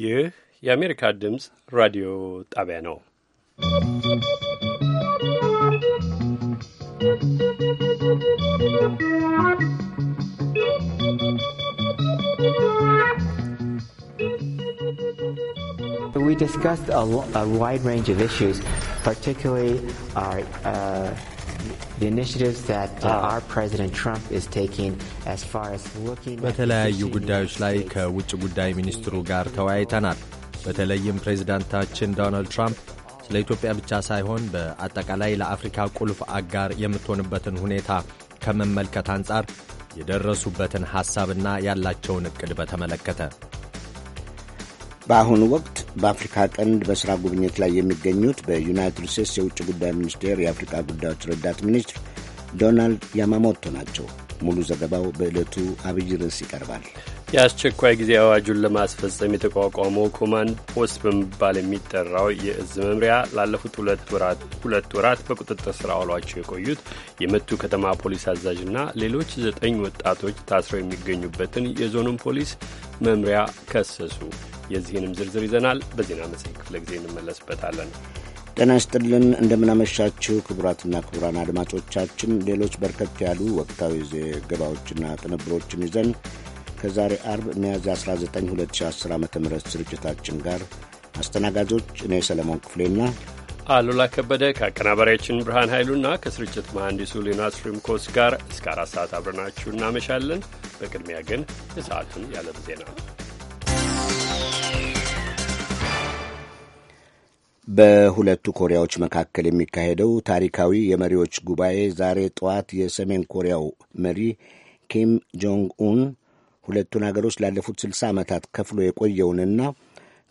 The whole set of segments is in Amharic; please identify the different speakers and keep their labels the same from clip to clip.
Speaker 1: ይህ የአሜሪካ ድምፅ ራዲዮ ጣቢያ ነው።
Speaker 2: We discussed
Speaker 3: a, a wide range of issues, particularly our, uh, Uh, ah.
Speaker 4: በተለያዩ ጉዳዮች ላይ ከውጭ ጉዳይ ሚኒስትሩ ጋር ተወያይተናል። በተለይም ፕሬዚዳንታችን ዶናልድ ትራምፕ ስለ ኢትዮጵያ ብቻ ሳይሆን በአጠቃላይ ለአፍሪካ ቁልፍ አጋር የምትሆንበትን ሁኔታ ከመመልከት አንጻር የደረሱበትን ሐሳብና ያላቸውን ዕቅድ በተመለከተ
Speaker 5: በአሁኑ ወቅት በአፍሪካ ቀንድ በሥራ ጉብኝት ላይ የሚገኙት በዩናይትድ ስቴትስ የውጭ ጉዳይ ሚኒስቴር የአፍሪካ ጉዳዮች ረዳት ሚኒስትር ዶናልድ ያማሞቶ ናቸው። ሙሉ ዘገባው በዕለቱ አብይ ርዕስ ይቀርባል።
Speaker 1: የአስቸኳይ ጊዜ አዋጁን ለማስፈጸም የተቋቋመው ኮማንድ ፖስት በመባል የሚጠራው የእዝ መምሪያ ላለፉት ሁለት ወራት በቁጥጥር ስር አውሏቸው የቆዩት የመቱ ከተማ ፖሊስ አዛዥና ሌሎች ዘጠኝ ወጣቶች ታስረው የሚገኙበትን የዞኑን ፖሊስ መምሪያ ከሰሱ። የዚህንም ዝርዝር ይዘናል። በዜና መጽሔት ክፍለ ጊዜ እንመለስበታለን።
Speaker 5: ጤና ይስጥልን፣ እንደምናመሻችሁ ክቡራትና ክቡራን አድማጮቻችን ሌሎች በርከት ያሉ ወቅታዊ ዘገባዎችና ቅንብሮችን ይዘን ከዛሬ አርብ ሚያዝያ 19 2010 ዓ ም ስርጭታችን ጋር አስተናጋጆች እኔ ሰለሞን ክፍሌና
Speaker 1: አሉላ ከበደ ከአቀናባሪያችን ብርሃን ኃይሉና ከስርጭት መሐንዲሱ ሌናስ ሪምኮስ ጋር እስከ አራት ሰዓት አብረናችሁ እናመሻለን። በቅድሚያ ግን የሰዓቱን ያለም ዜና
Speaker 5: በሁለቱ ኮሪያዎች መካከል የሚካሄደው ታሪካዊ የመሪዎች ጉባኤ ዛሬ ጠዋት የሰሜን ኮሪያው መሪ ኪም ጆንግ ኡን ሁለቱን አገሮች ላለፉት ስልሳ ዓመታት ከፍሎ የቆየውንና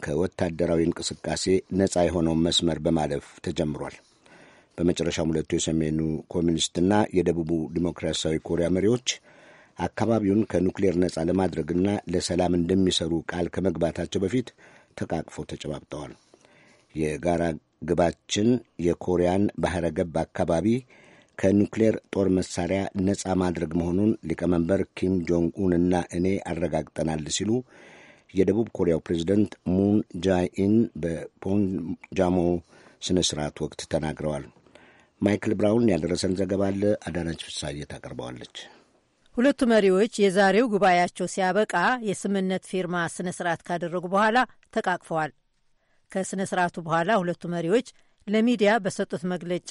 Speaker 5: ከወታደራዊ እንቅስቃሴ ነፃ የሆነውን መስመር በማለፍ ተጀምሯል። በመጨረሻም ሁለቱ የሰሜኑ ኮሚኒስትና የደቡቡ ዲሞክራሲያዊ ኮሪያ መሪዎች አካባቢውን ከኑክሌር ነፃ ለማድረግና ለሰላም እንደሚሰሩ ቃል ከመግባታቸው በፊት ተቃቅፈው ተጨባብጠዋል። የጋራ ግባችን የኮሪያን ባህረ ገብ አካባቢ ከኒውክሌር ጦር መሳሪያ ነጻ ማድረግ መሆኑን ሊቀመንበር ኪም ጆንግ ኡን እና እኔ አረጋግጠናል ሲሉ የደቡብ ኮሪያው ፕሬዚደንት ሙን ጃኢን በፖንጃሞ ስነ ስርዓት ወቅት ተናግረዋል። ማይክል ብራውን ያደረሰን ዘገባ አለ። አዳናች ፍሳዬ ታቀርበዋለች።
Speaker 6: ሁለቱ መሪዎች የዛሬው ጉባኤያቸው ሲያበቃ የስምነት ፊርማ ስነ ስርዓት ካደረጉ በኋላ ተቃቅፈዋል። ከሥነ ሥርዓቱ በኋላ ሁለቱ መሪዎች ለሚዲያ በሰጡት መግለጫ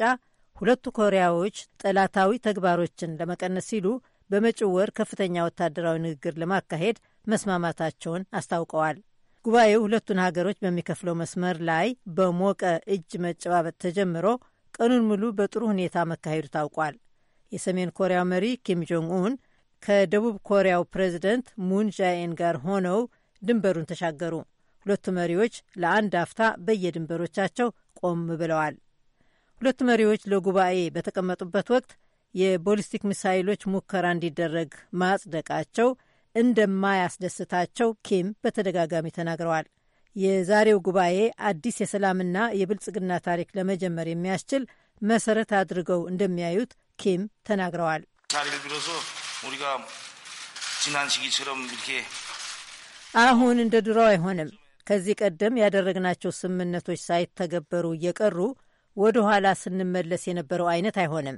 Speaker 6: ሁለቱ ኮሪያዎች ጠላታዊ ተግባሮችን ለመቀነስ ሲሉ በመጪው ወር ከፍተኛ ወታደራዊ ንግግር ለማካሄድ መስማማታቸውን አስታውቀዋል። ጉባኤው ሁለቱን ሀገሮች በሚከፍለው መስመር ላይ በሞቀ እጅ መጨባበጥ ተጀምሮ ቀኑን ሙሉ በጥሩ ሁኔታ መካሄዱ ታውቋል። የሰሜን ኮሪያው መሪ ኪም ጆንግ ኡን ከደቡብ ኮሪያው ፕሬዚደንት ሙን ጃኤን ጋር ሆነው ድንበሩን ተሻገሩ። ሁለቱ መሪዎች ለአንድ አፍታ በየድንበሮቻቸው ቆም ብለዋል። ሁለቱ መሪዎች ለጉባኤ በተቀመጡበት ወቅት የቦሊስቲክ ሚሳይሎች ሙከራ እንዲደረግ ማጽደቃቸው እንደማያስደስታቸው ኪም በተደጋጋሚ ተናግረዋል። የዛሬው ጉባኤ አዲስ የሰላምና የብልጽግና ታሪክ ለመጀመር የሚያስችል መሰረት አድርገው እንደሚያዩት ኪም ተናግረዋል። አሁን እንደ ድሮው አይሆንም። ከዚህ ቀደም ያደረግናቸው ስምምነቶች ሳይተገበሩ እየቀሩ ወደ ኋላ ስንመለስ የነበረው አይነት አይሆንም።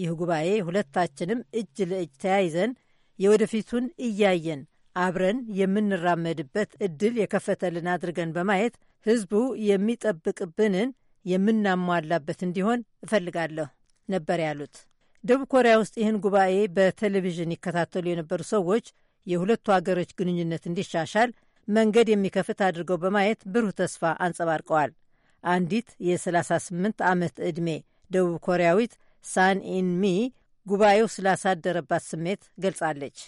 Speaker 6: ይህ ጉባኤ ሁለታችንም እጅ ለእጅ ተያይዘን የወደፊቱን እያየን አብረን የምንራመድበት እድል የከፈተልን አድርገን በማየት ህዝቡ የሚጠብቅብንን የምናሟላበት እንዲሆን እፈልጋለሁ ነበር ያሉት። ደቡብ ኮሪያ ውስጥ ይህን ጉባኤ በቴሌቪዥን ይከታተሉ የነበሩ ሰዎች የሁለቱ አገሮች ግንኙነት እንዲሻሻል መንገድ የሚከፍት አድርገው በማየት ብሩህ ተስፋ አንጸባርቀዋል። አንዲት የ38 ዓመት ዕድሜ ደቡብ ኮሪያዊት ሳን ኢንሚ ጉባኤው ስላሳደረባት ስሜት ገልጻለች።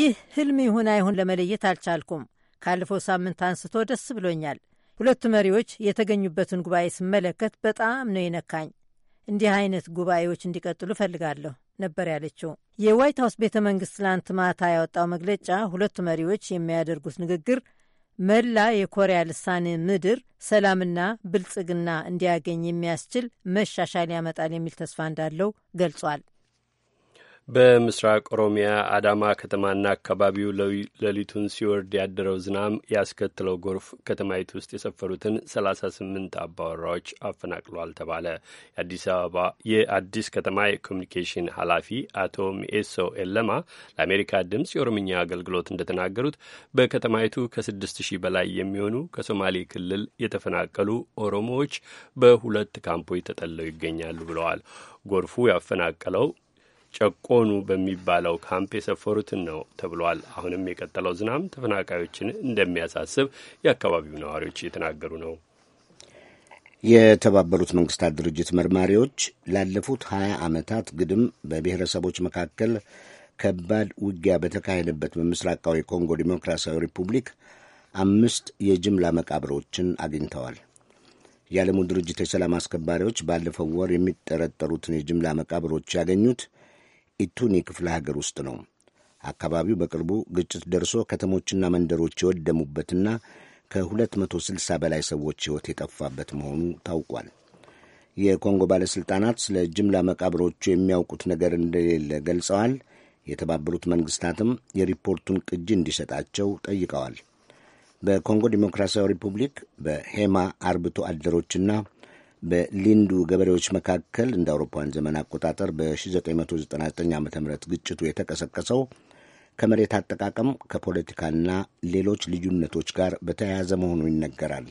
Speaker 6: ይህ ህልም ይሁን አይሁን ለመለየት አልቻልኩም። ካለፈው ሳምንት አንስቶ ደስ ብሎኛል። ሁለቱ መሪዎች የተገኙበትን ጉባኤ ስመለከት በጣም ነው የነካኝ። እንዲህ አይነት ጉባኤዎች እንዲቀጥሉ እፈልጋለሁ። ነበር ያለችው። የዋይት ሀውስ ቤተ መንግስት ትላንት ማታ ያወጣው መግለጫ ሁለቱ መሪዎች የሚያደርጉት ንግግር መላ የኮሪያ ልሳነ ምድር ሰላምና ብልጽግና እንዲያገኝ የሚያስችል መሻሻል ያመጣል የሚል ተስፋ እንዳለው ገልጿል።
Speaker 1: በምስራቅ ኦሮሚያ አዳማ ከተማና አካባቢው ሌሊቱን ሲወርድ ያደረው ዝናም ያስከትለው ጎርፍ ከተማይቱ ውስጥ የሰፈሩትን 38 ስምንት አባወራዎች አፈናቅሏል ተባለ። የአዲስ አበባ የአዲስ ከተማ የኮሚኒኬሽን ኃላፊ አቶ ሚኤሶ ኤለማ ለአሜሪካ ድምፅ የኦሮምኛ አገልግሎት እንደተናገሩት በከተማይቱ ከ6000 በላይ የሚሆኑ ከሶማሌ ክልል የተፈናቀሉ ኦሮሞዎች በሁለት ካምፖች ተጠለው ይገኛሉ ብለዋል። ጎርፉ ያፈናቀለው ጨቆኑ በሚባለው ካምፕ የሰፈሩትን ነው ተብሏል። አሁንም የቀጠለው ዝናብ ተፈናቃዮችን እንደሚያሳስብ የአካባቢው ነዋሪዎች እየተናገሩ ነው።
Speaker 5: የተባበሩት መንግስታት ድርጅት መርማሪዎች ላለፉት ሀያ ዓመታት ግድም በብሔረሰቦች መካከል ከባድ ውጊያ በተካሄደበት በምስራቃዊ ኮንጎ ዲሞክራሲያዊ ሪፑብሊክ አምስት የጅምላ መቃብሮችን አግኝተዋል። የዓለሙ ድርጅት የሰላም አስከባሪዎች ባለፈው ወር የሚጠረጠሩትን የጅምላ መቃብሮች ያገኙት ኢቱኒ ክፍለ ሀገር ውስጥ ነው። አካባቢው በቅርቡ ግጭት ደርሶ ከተሞችና መንደሮች የወደሙበትና ከ260 በላይ ሰዎች ሕይወት የጠፋበት መሆኑ ታውቋል። የኮንጎ ባለሥልጣናት ስለ ጅምላ መቃብሮቹ የሚያውቁት ነገር እንደሌለ ገልጸዋል። የተባበሩት መንግሥታትም የሪፖርቱን ቅጂ እንዲሰጣቸው ጠይቀዋል። በኮንጎ ዲሞክራሲያዊ ሪፑብሊክ በሄማ አርብቶ አደሮችና በሊንዱ ገበሬዎች መካከል እንደ አውሮፓውያን ዘመን አቆጣጠር በ1999 ዓ ም ግጭቱ የተቀሰቀሰው ከመሬት አጠቃቀም ከፖለቲካና ሌሎች ልዩነቶች ጋር በተያያዘ መሆኑ ይነገራል።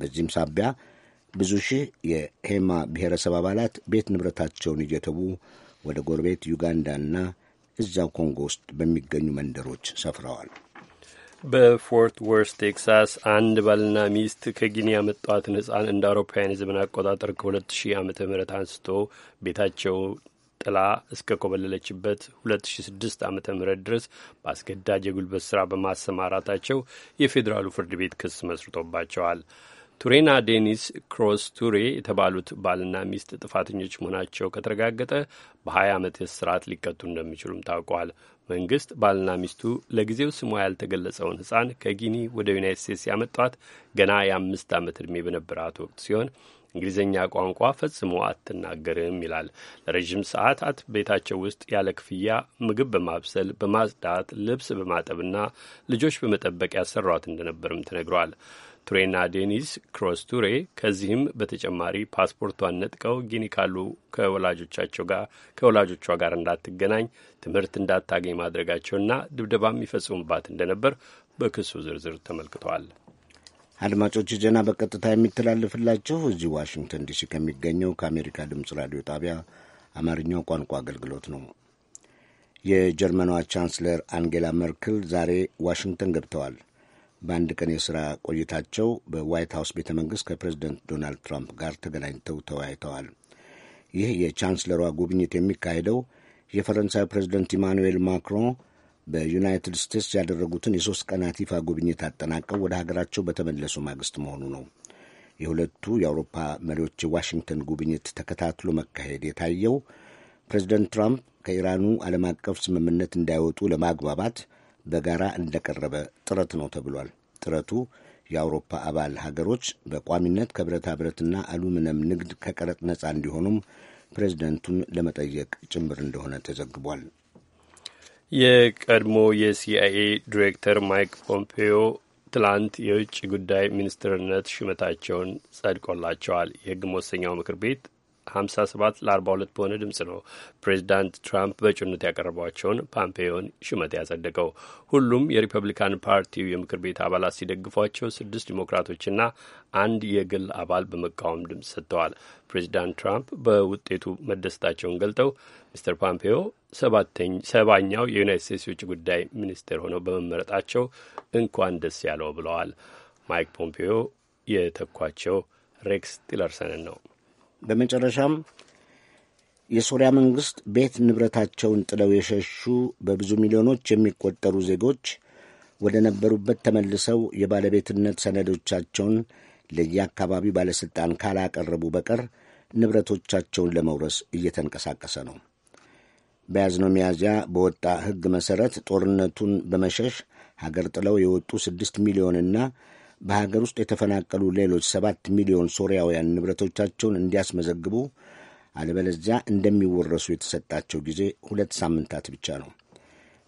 Speaker 5: በዚህም ሳቢያ ብዙ ሺህ የሄማ ብሔረሰብ አባላት ቤት ንብረታቸውን እየተዉ ወደ ጎረቤት ዩጋንዳና እዚያው ኮንጎ ውስጥ በሚገኙ መንደሮች ሰፍረዋል።
Speaker 1: በፎርት ወርስ ቴክሳስ አንድ ባልና ሚስት ከጊኒ ያመጧትን ህፃን እንደ አውሮፓውያን የዘመን አቆጣጠር ከ2000 ዓ.ም አንስቶ ቤታቸው ጥላ እስከ ኮበለለችበት 2006 ዓ.ም ድረስ በአስገዳጅ የጉልበት ሥራ በማሰማራታቸው የፌዴራሉ ፍርድ ቤት ክስ መስርቶባቸዋል። ቱሬና ዴኒስ ክሮስ ቱሬ የተባሉት ባልና ሚስት ጥፋተኞች መሆናቸው ከተረጋገጠ በ20 ዓመት እስራት ሊቀጡ እንደሚችሉም ታውቋል። መንግስት ባልና ሚስቱ ለጊዜው ስሟ ያልተገለጸውን ህጻን ከጊኒ ወደ ዩናይት ስቴትስ ያመጧት ገና የአምስት ዓመት ዕድሜ በነበራት ወቅት ሲሆን እንግሊዝኛ ቋንቋ ፈጽሞ አትናገርም ይላል። ለረዥም ሰዓታት ቤታቸው ውስጥ ያለ ክፍያ ምግብ በማብሰል በማጽዳት፣ ልብስ በማጠብና ልጆች በመጠበቅ ያሰሯት እንደነበርም ተነግሯል። ቱሬና ዴኒስ ክሮስ ቱሬ ከዚህም በተጨማሪ ፓስፖርቷን ነጥቀው ጊኒ ካሉ ከወላጆቻቸው ጋር ከወላጆቿ ጋር እንዳትገናኝ ትምህርት እንዳታገኝ ማድረጋቸውና ድብደባም ይፈጽሙባት እንደነበር በክሱ ዝርዝር ተመልክተዋል።
Speaker 5: አድማጮች ዜና በቀጥታ የሚተላለፍላችሁ እዚህ ዋሽንግተን ዲሲ ከሚገኘው ከአሜሪካ ድምፅ ራዲዮ ጣቢያ አማርኛው ቋንቋ አገልግሎት ነው። የጀርመኗ ቻንስለር አንጌላ መርክል ዛሬ ዋሽንግተን ገብተዋል። በአንድ ቀን የሥራ ቆይታቸው በዋይት ሀውስ ቤተ መንግሥት ከፕሬዚደንት ዶናልድ ትራምፕ ጋር ተገናኝተው ተወያይተዋል። ይህ የቻንስለሯ ጉብኝት የሚካሄደው የፈረንሳይ ፕሬዚደንት ኢማኑኤል ማክሮን በዩናይትድ ስቴትስ ያደረጉትን የሦስት ቀናት ይፋ ጉብኝት አጠናቀው ወደ ሀገራቸው በተመለሱ ማግስት መሆኑ ነው። የሁለቱ የአውሮፓ መሪዎች የዋሽንግተን ጉብኝት ተከታትሎ መካሄድ የታየው ፕሬዚደንት ትራምፕ ከኢራኑ ዓለም አቀፍ ስምምነት እንዳይወጡ ለማግባባት በጋራ እንደቀረበ ጥረት ነው ተብሏል። ጥረቱ የአውሮፓ አባል ሀገሮች በቋሚነት ከብረታ ብረትና አሉሚኒየም ንግድ ከቀረጥ ነፃ እንዲሆኑም ፕሬዚደንቱን ለመጠየቅ ጭምር እንደሆነ ተዘግቧል።
Speaker 1: የቀድሞ የሲአይኤ ዲሬክተር ማይክ ፖምፔዮ ትላንት የውጭ ጉዳይ ሚኒስትርነት ሹመታቸውን ጸድቆላቸዋል። የሕግ መወሰኛው ምክር ቤት 57 ለ42 በሆነ ድምፅ ነው ፕሬዚዳንት ትራምፕ በእጩነት ያቀረቧቸውን ፓምፔዮን ሹመት ያጸደቀው። ሁሉም የሪፐብሊካን ፓርቲው የምክር ቤት አባላት ሲደግፏቸው፣ ስድስት ዲሞክራቶችና አንድ የግል አባል በመቃወም ድምፅ ሰጥተዋል። ፕሬዚዳንት ትራምፕ በውጤቱ መደሰታቸውን ገልጠው ሚስተር ፓምፔዮ ሰባኛው የዩናይት ስቴትስ የውጭ ጉዳይ ሚኒስቴር ሆነው በመመረጣቸው እንኳን ደስ ያለው ብለዋል። ማይክ ፖምፔዮ የተኳቸው ሬክስ ቲለርሰንን ነው። በመጨረሻም
Speaker 5: የሶሪያ መንግሥት ቤት ንብረታቸውን ጥለው የሸሹ በብዙ ሚሊዮኖች የሚቆጠሩ ዜጎች ወደ ነበሩበት ተመልሰው የባለቤትነት ሰነዶቻቸውን ለየአካባቢው ባለሥልጣን ካላቀረቡ በቀር ንብረቶቻቸውን ለመውረስ እየተንቀሳቀሰ ነው። በያዝነው ሚያዝያ በወጣ ሕግ መሠረት ጦርነቱን በመሸሽ ሀገር ጥለው የወጡ ስድስት ሚሊዮንና በሀገር ውስጥ የተፈናቀሉ ሌሎች ሰባት ሚሊዮን ሶሪያውያን ንብረቶቻቸውን እንዲያስመዘግቡ አለበለዚያ እንደሚወረሱ የተሰጣቸው ጊዜ ሁለት ሳምንታት ብቻ ነው።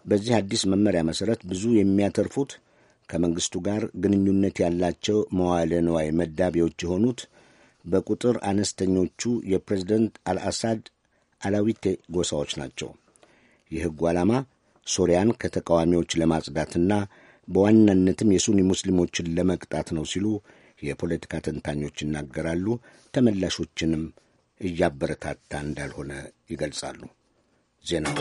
Speaker 5: በዚህ አዲስ መመሪያ መሠረት ብዙ የሚያተርፉት ከመንግሥቱ ጋር ግንኙነት ያላቸው መዋለ ንዋይ መዳቢዎች የሆኑት በቁጥር አነስተኞቹ የፕሬዝደንት አልአሳድ አላዊቴ ጎሳዎች ናቸው። የሕጉ ዓላማ ሶሪያን ከተቃዋሚዎች ለማጽዳትና በዋናነትም የሱኒ ሙስሊሞችን ለመቅጣት ነው ሲሉ የፖለቲካ ተንታኞች ይናገራሉ። ተመላሾችንም እያበረታታ እንዳልሆነ ይገልጻሉ።
Speaker 1: ዜናው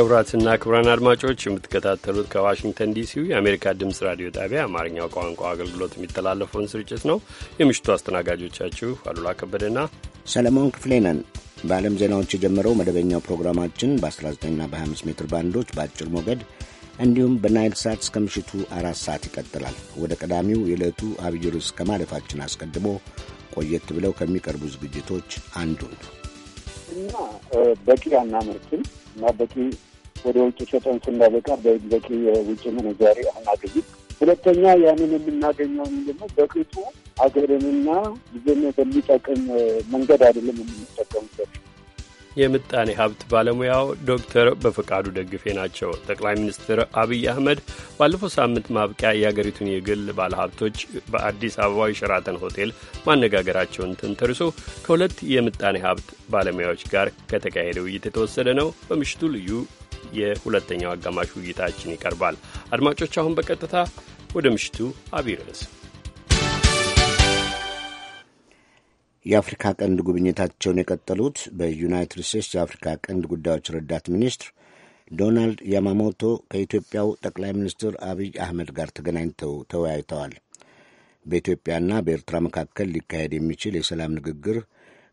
Speaker 1: ክቡራትና ክቡራን አድማጮች የምትከታተሉት ከዋሽንግተን ዲሲው የአሜሪካ ድምፅ ራዲዮ ጣቢያ አማርኛው ቋንቋ አገልግሎት የሚተላለፈውን ስርጭት ነው። የምሽቱ አስተናጋጆቻችሁ አሉላ ከበደና
Speaker 5: ሰለሞን ክፍሌ ነን። በዓለም ዜናዎች የጀመረው መደበኛው ፕሮግራማችን በ19ና በ25 ሜትር ባንዶች በአጭር ሞገድ እንዲሁም በናይል ሳት እስከ ምሽቱ አራት ሰዓት ይቀጥላል። ወደ ቀዳሚው የዕለቱ አብይ ርዕስ ከማለፋችን አስቀድሞ ቆየት ብለው ከሚቀርቡ ዝግጅቶች አንዱን
Speaker 7: እና
Speaker 8: በቂ አናመርትም እና በቂ ወደ ውጭ ሸጠን ስናበቃ በቂ የውጭ ምንዛሪ አናገኝም። ሁለተኛ ያንን የምናገኘው ምንድነው? በቅጡ ሀገርንና ጊዜን በሚጠቅም መንገድ አይደለም የምንጠቀምበት።
Speaker 1: የምጣኔ ሀብት ባለሙያው ዶክተር በፈቃዱ ደግፌ ናቸው። ጠቅላይ ሚኒስትር አብይ አህመድ ባለፈው ሳምንት ማብቂያ የአገሪቱን የግል ባለሀብቶች በአዲስ አበባዊ የሸራተን ሆቴል ማነጋገራቸውን ተንተርሶ ከሁለት የምጣኔ ሀብት ባለሙያዎች ጋር ከተካሄደ ውይይት የተወሰደ ነው። በምሽቱ ልዩ የሁለተኛው አጋማሽ ውይይታችን ይቀርባል። አድማጮች፣ አሁን በቀጥታ ወደ ምሽቱ አብይ ርዕስ
Speaker 5: የአፍሪካ ቀንድ ጉብኝታቸውን የቀጠሉት በዩናይትድ ስቴትስ የአፍሪካ ቀንድ ጉዳዮች ረዳት ሚኒስትር ዶናልድ ያማሞቶ ከኢትዮጵያው ጠቅላይ ሚኒስትር አብይ አህመድ ጋር ተገናኝተው ተወያይተዋል። በኢትዮጵያና በኤርትራ መካከል ሊካሄድ የሚችል የሰላም ንግግር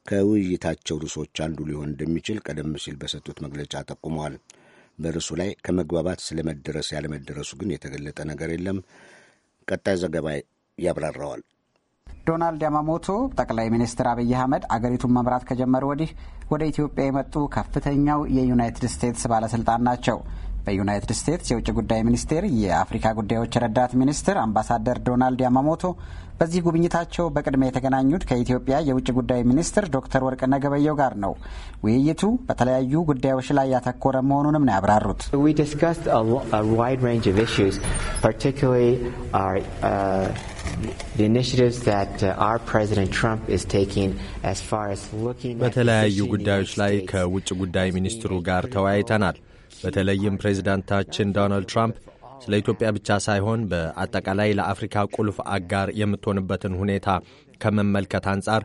Speaker 5: ከውይይታቸው ርዕሶች አንዱ ሊሆን እንደሚችል ቀደም ሲል በሰጡት መግለጫ ጠቁመዋል። በርዕሱ ላይ ከመግባባት ስለመደረስ ያለመደረሱ ግን የተገለጠ ነገር የለም። ቀጣይ ዘገባ ያብራራዋል።
Speaker 9: ዶናልድ ያማሞቶ ጠቅላይ ሚኒስትር አብይ አህመድ አገሪቱን መምራት ከጀመሩ ወዲህ ወደ ኢትዮጵያ የመጡ ከፍተኛው የዩናይትድ ስቴትስ ባለስልጣን ናቸው። በዩናይትድ ስቴትስ የውጭ ጉዳይ ሚኒስቴር የአፍሪካ ጉዳዮች ረዳት ሚኒስትር አምባሳደር ዶናልድ ያማሞቶ በዚህ ጉብኝታቸው በቅድሚያ የተገናኙት ከኢትዮጵያ የውጭ ጉዳይ ሚኒስትር ዶክተር ወርቅነህ ገበየሁ ጋር ነው። ውይይቱ በተለያዩ ጉዳዮች ላይ ያተኮረ መሆኑንም ነው ያብራሩት።
Speaker 3: በተለያዩ
Speaker 4: ጉዳዮች ላይ ከውጭ ጉዳይ ሚኒስትሩ ጋር ተወያይተናል። በተለይም ፕሬዚዳንታችን ዶናልድ ትራምፕ ስለ ኢትዮጵያ ብቻ ሳይሆን በአጠቃላይ ለአፍሪካ ቁልፍ አጋር የምትሆንበትን ሁኔታ ከመመልከት አንጻር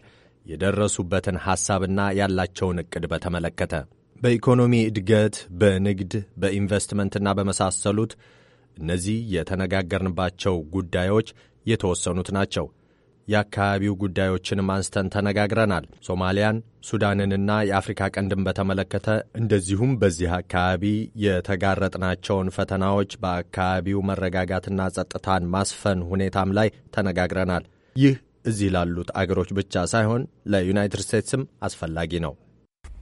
Speaker 4: የደረሱበትን ሐሳብና ያላቸውን ዕቅድ በተመለከተ በኢኮኖሚ እድገት፣ በንግድ፣ በኢንቨስትመንትና በመሳሰሉት እነዚህ የተነጋገርንባቸው ጉዳዮች የተወሰኑት ናቸው። የአካባቢው ጉዳዮችንም አንስተን ተነጋግረናል። ሶማሊያን፣ ሱዳንንና የአፍሪካ ቀንድን በተመለከተ እንደዚሁም በዚህ አካባቢ የተጋረጥናቸውን ፈተናዎች፣ በአካባቢው መረጋጋትና ጸጥታን ማስፈን ሁኔታም ላይ ተነጋግረናል። ይህ እዚህ ላሉት አገሮች ብቻ ሳይሆን ለዩናይትድ ስቴትስም አስፈላጊ ነው።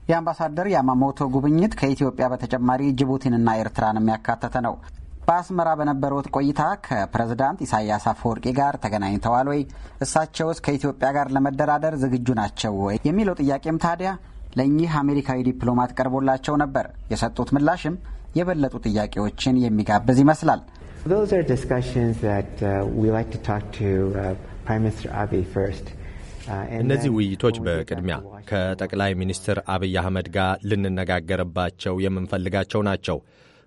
Speaker 9: የአምባሳደር ያማሞቶ ጉብኝት ከኢትዮጵያ በተጨማሪ ጅቡቲንና ኤርትራንም ያካተተ ነው። በአስመራ በነበሩት ቆይታ ከፕሬዝዳንት ኢሳያስ አፈወርቂ ጋር ተገናኝተዋል ወይ? እሳቸውስ ከኢትዮጵያ ጋር ለመደራደር ዝግጁ ናቸው ወይ? የሚለው ጥያቄም ታዲያ ለእኚህ አሜሪካዊ ዲፕሎማት ቀርቦላቸው ነበር። የሰጡት ምላሽም የበለጡ ጥያቄዎችን የሚጋብዝ ይመስላል።
Speaker 3: uh, uh, uh, እነዚህ
Speaker 4: ውይይቶች በቅድሚያ ከጠቅላይ ሚኒስትር አብይ አህመድ ጋር ልንነጋገርባቸው የምንፈልጋቸው ናቸው።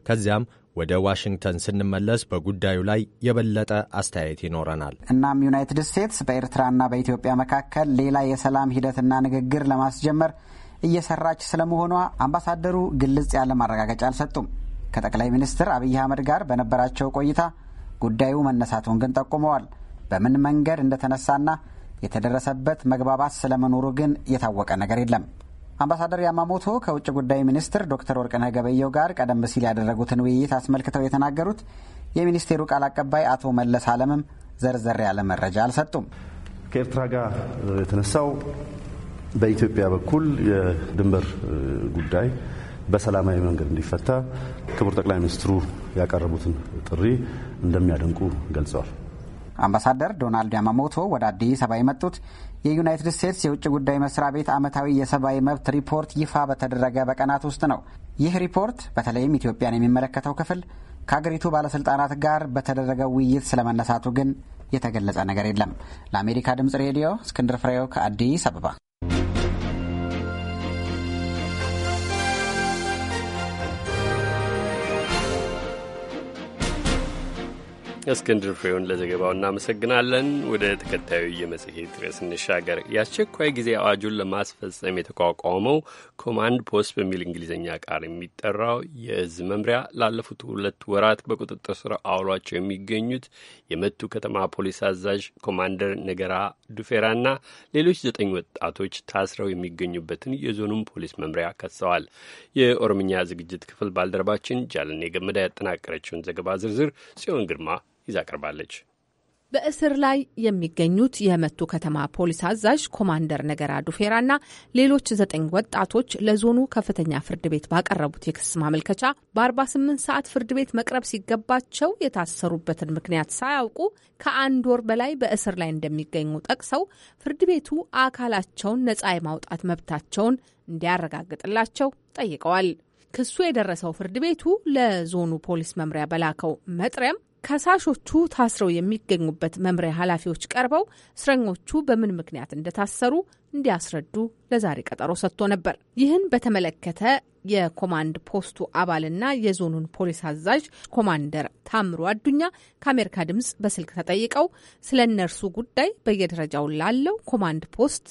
Speaker 4: ከዚያም ወደ ዋሽንግተን ስንመለስ በጉዳዩ ላይ የበለጠ አስተያየት ይኖረናል።
Speaker 9: እናም ዩናይትድ ስቴትስ በኤርትራና በኢትዮጵያ መካከል ሌላ የሰላም ሂደትና ንግግር ለማስጀመር እየሰራች ስለመሆኗ አምባሳደሩ ግልጽ ያለ ማረጋገጫ አልሰጡም። ከጠቅላይ ሚኒስትር አብይ አህመድ ጋር በነበራቸው ቆይታ ጉዳዩ መነሳቱን ግን ጠቁመዋል። በምን መንገድ እንደተነሳና የተደረሰበት መግባባት ስለመኖሩ ግን የታወቀ ነገር የለም። አምባሳደር ያማሞቶ ከውጭ ጉዳይ ሚኒስትር ዶክተር ወርቅነህ ገበየው ጋር ቀደም ሲል ያደረጉትን ውይይት አስመልክተው የተናገሩት የሚኒስቴሩ ቃል አቀባይ አቶ መለስ አለምም ዘርዘር ያለ መረጃ አልሰጡም። ከኤርትራ ጋር የተነሳው በኢትዮጵያ በኩል
Speaker 1: የድንበር ጉዳይ በሰላማዊ መንገድ እንዲፈታ ክቡር ጠቅላይ ሚኒስትሩ ያቀረቡትን ጥሪ እንደሚያደንቁ ገልጸዋል።
Speaker 9: አምባሳደር ዶናልድ ያማሞቶ ወደ አዲስ አበባ የመጡት የዩናይትድ ስቴትስ የውጭ ጉዳይ መስሪያ ቤት ዓመታዊ የሰብአዊ መብት ሪፖርት ይፋ በተደረገ በቀናት ውስጥ ነው። ይህ ሪፖርት በተለይም ኢትዮጵያን የሚመለከተው ክፍል ከአገሪቱ ባለስልጣናት ጋር በተደረገ ውይይት ስለመነሳቱ ግን የተገለጸ ነገር የለም። ለአሜሪካ ድምጽ ሬዲዮ እስክንድር ፍሬው ከአዲስ አበባ
Speaker 1: እስክንድር ፍሬውን ለዘገባው እናመሰግናለን። ወደ ተከታዩ የመጽሔት ርዕስ እንሻገር። የአስቸኳይ ጊዜ አዋጁን ለማስፈጸም የተቋቋመው ኮማንድ ፖስት በሚል እንግሊዝኛ ቃል የሚጠራው የእዝ መምሪያ ላለፉት ሁለት ወራት በቁጥጥር ስር አውሏቸው የሚገኙት የመቱ ከተማ ፖሊስ አዛዥ ኮማንደር ነገራ ዱፌራና ሌሎች ዘጠኝ ወጣቶች ታስረው የሚገኙበትን የዞኑን ፖሊስ መምሪያ ከሰዋል። የኦሮምኛ ዝግጅት ክፍል ባልደረባችን ጃለን የገመዳ ያጠናቀረችውን ዘገባ ዝርዝር ጽዮን ግርማ ይዛ ቀርባለች።
Speaker 10: በእስር ላይ የሚገኙት የመቱ ከተማ ፖሊስ አዛዥ ኮማንደር ነገራ ዱፌራና ሌሎች ዘጠኝ ወጣቶች ለዞኑ ከፍተኛ ፍርድ ቤት ባቀረቡት የክስ ማመልከቻ በ48 ሰዓት ፍርድ ቤት መቅረብ ሲገባቸው የታሰሩበትን ምክንያት ሳያውቁ ከአንድ ወር በላይ በእስር ላይ እንደሚገኙ ጠቅሰው ፍርድ ቤቱ አካላቸውን ነጻ የማውጣት መብታቸውን እንዲያረጋግጥላቸው ጠይቀዋል። ክሱ የደረሰው ፍርድ ቤቱ ለዞኑ ፖሊስ መምሪያ በላከው መጥሪያም ከሳሾቹ ታስረው የሚገኙበት መምሪያ ኃላፊዎች ቀርበው እስረኞቹ በምን ምክንያት እንደታሰሩ እንዲያስረዱ ለዛሬ ቀጠሮ ሰጥቶ ነበር። ይህን በተመለከተ የኮማንድ ፖስቱ አባልና የዞኑን ፖሊስ አዛዥ ኮማንደር ታምሩ አዱኛ ከአሜሪካ ድምጽ በስልክ ተጠይቀው ስለ እነርሱ ጉዳይ በየደረጃው ላለው ኮማንድ ፖስት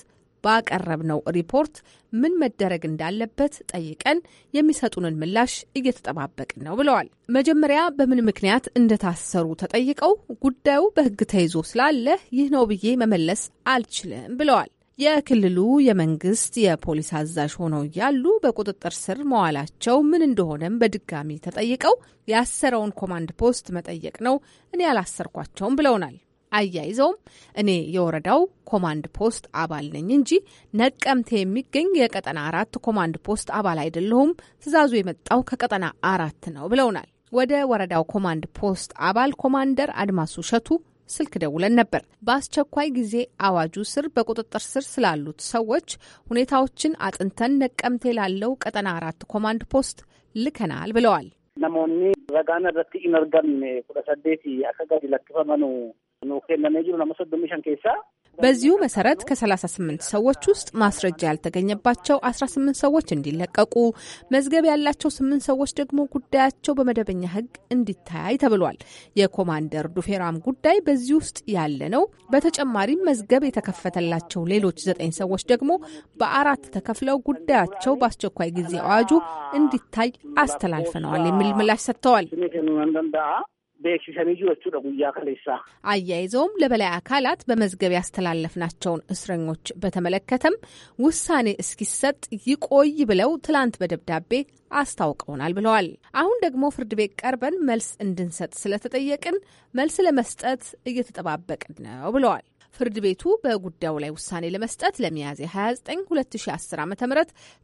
Speaker 10: ባቀረብነው ሪፖርት ምን መደረግ እንዳለበት ጠይቀን የሚሰጡንን ምላሽ እየተጠባበቅን ነው ብለዋል። መጀመሪያ በምን ምክንያት እንደታሰሩ ተጠይቀው ጉዳዩ በሕግ ተይዞ ስላለ ይህ ነው ብዬ መመለስ አልችልም ብለዋል። የክልሉ የመንግስት የፖሊስ አዛዥ ሆነው እያሉ በቁጥጥር ስር መዋላቸው ምን እንደሆነም በድጋሚ ተጠይቀው ያሰረውን ኮማንድ ፖስት መጠየቅ ነው፣ እኔ አላሰርኳቸውም ብለውናል። አያይዘውም እኔ የወረዳው ኮማንድ ፖስት አባል ነኝ እንጂ ነቀምቴ የሚገኝ የቀጠና አራት ኮማንድ ፖስት አባል አይደለሁም። ትዕዛዙ የመጣው ከቀጠና አራት ነው ብለውናል። ወደ ወረዳው ኮማንድ ፖስት አባል ኮማንደር አድማሱ ሸቱ ስልክ ደውለን ነበር። በአስቸኳይ ጊዜ አዋጁ ስር በቁጥጥር ስር ስላሉት ሰዎች ሁኔታዎችን አጥንተን ነቀምቴ ላለው ቀጠና አራት ኮማንድ ፖስት ልከናል ብለዋል።
Speaker 11: ነሞኒ ረጋና
Speaker 8: ረት ኢነርጋምኔ ቁለሰዴት ለክፈመኑ
Speaker 10: በዚሁ መሰረት ከ38 ሰዎች ውስጥ ማስረጃ ያልተገኘባቸው 18 ሰዎች እንዲለቀቁ፣ መዝገብ ያላቸው 8 ሰዎች ደግሞ ጉዳያቸው በመደበኛ ሕግ እንዲታያይ ተብሏል። የኮማንደር ዱፌራም ጉዳይ በዚህ ውስጥ ያለ ነው። በተጨማሪም መዝገብ የተከፈተላቸው ሌሎች 9 ሰዎች ደግሞ በአራት ተከፍለው ጉዳያቸው በአስቸኳይ ጊዜ አዋጁ እንዲታይ አስተላልፈነዋል የሚል ምላሽ ሰጥተዋል።
Speaker 8: beeksisanii jiru jechuudha guyyaa
Speaker 10: አያይዘውም ለበላይ አካላት በመዝገብ ያስተላለፍናቸውን እስረኞች በተመለከተም ውሳኔ እስኪሰጥ ይቆይ ብለው ትላንት በደብዳቤ አስታውቀውናል ብለዋል። አሁን ደግሞ ፍርድ ቤት ቀርበን መልስ እንድንሰጥ ስለተጠየቅን መልስ ለመስጠት እየተጠባበቅን ነው ብለዋል። ፍርድ ቤቱ በጉዳዩ ላይ ውሳኔ ለመስጠት ለሚያዝያ 29 2010 ዓ ም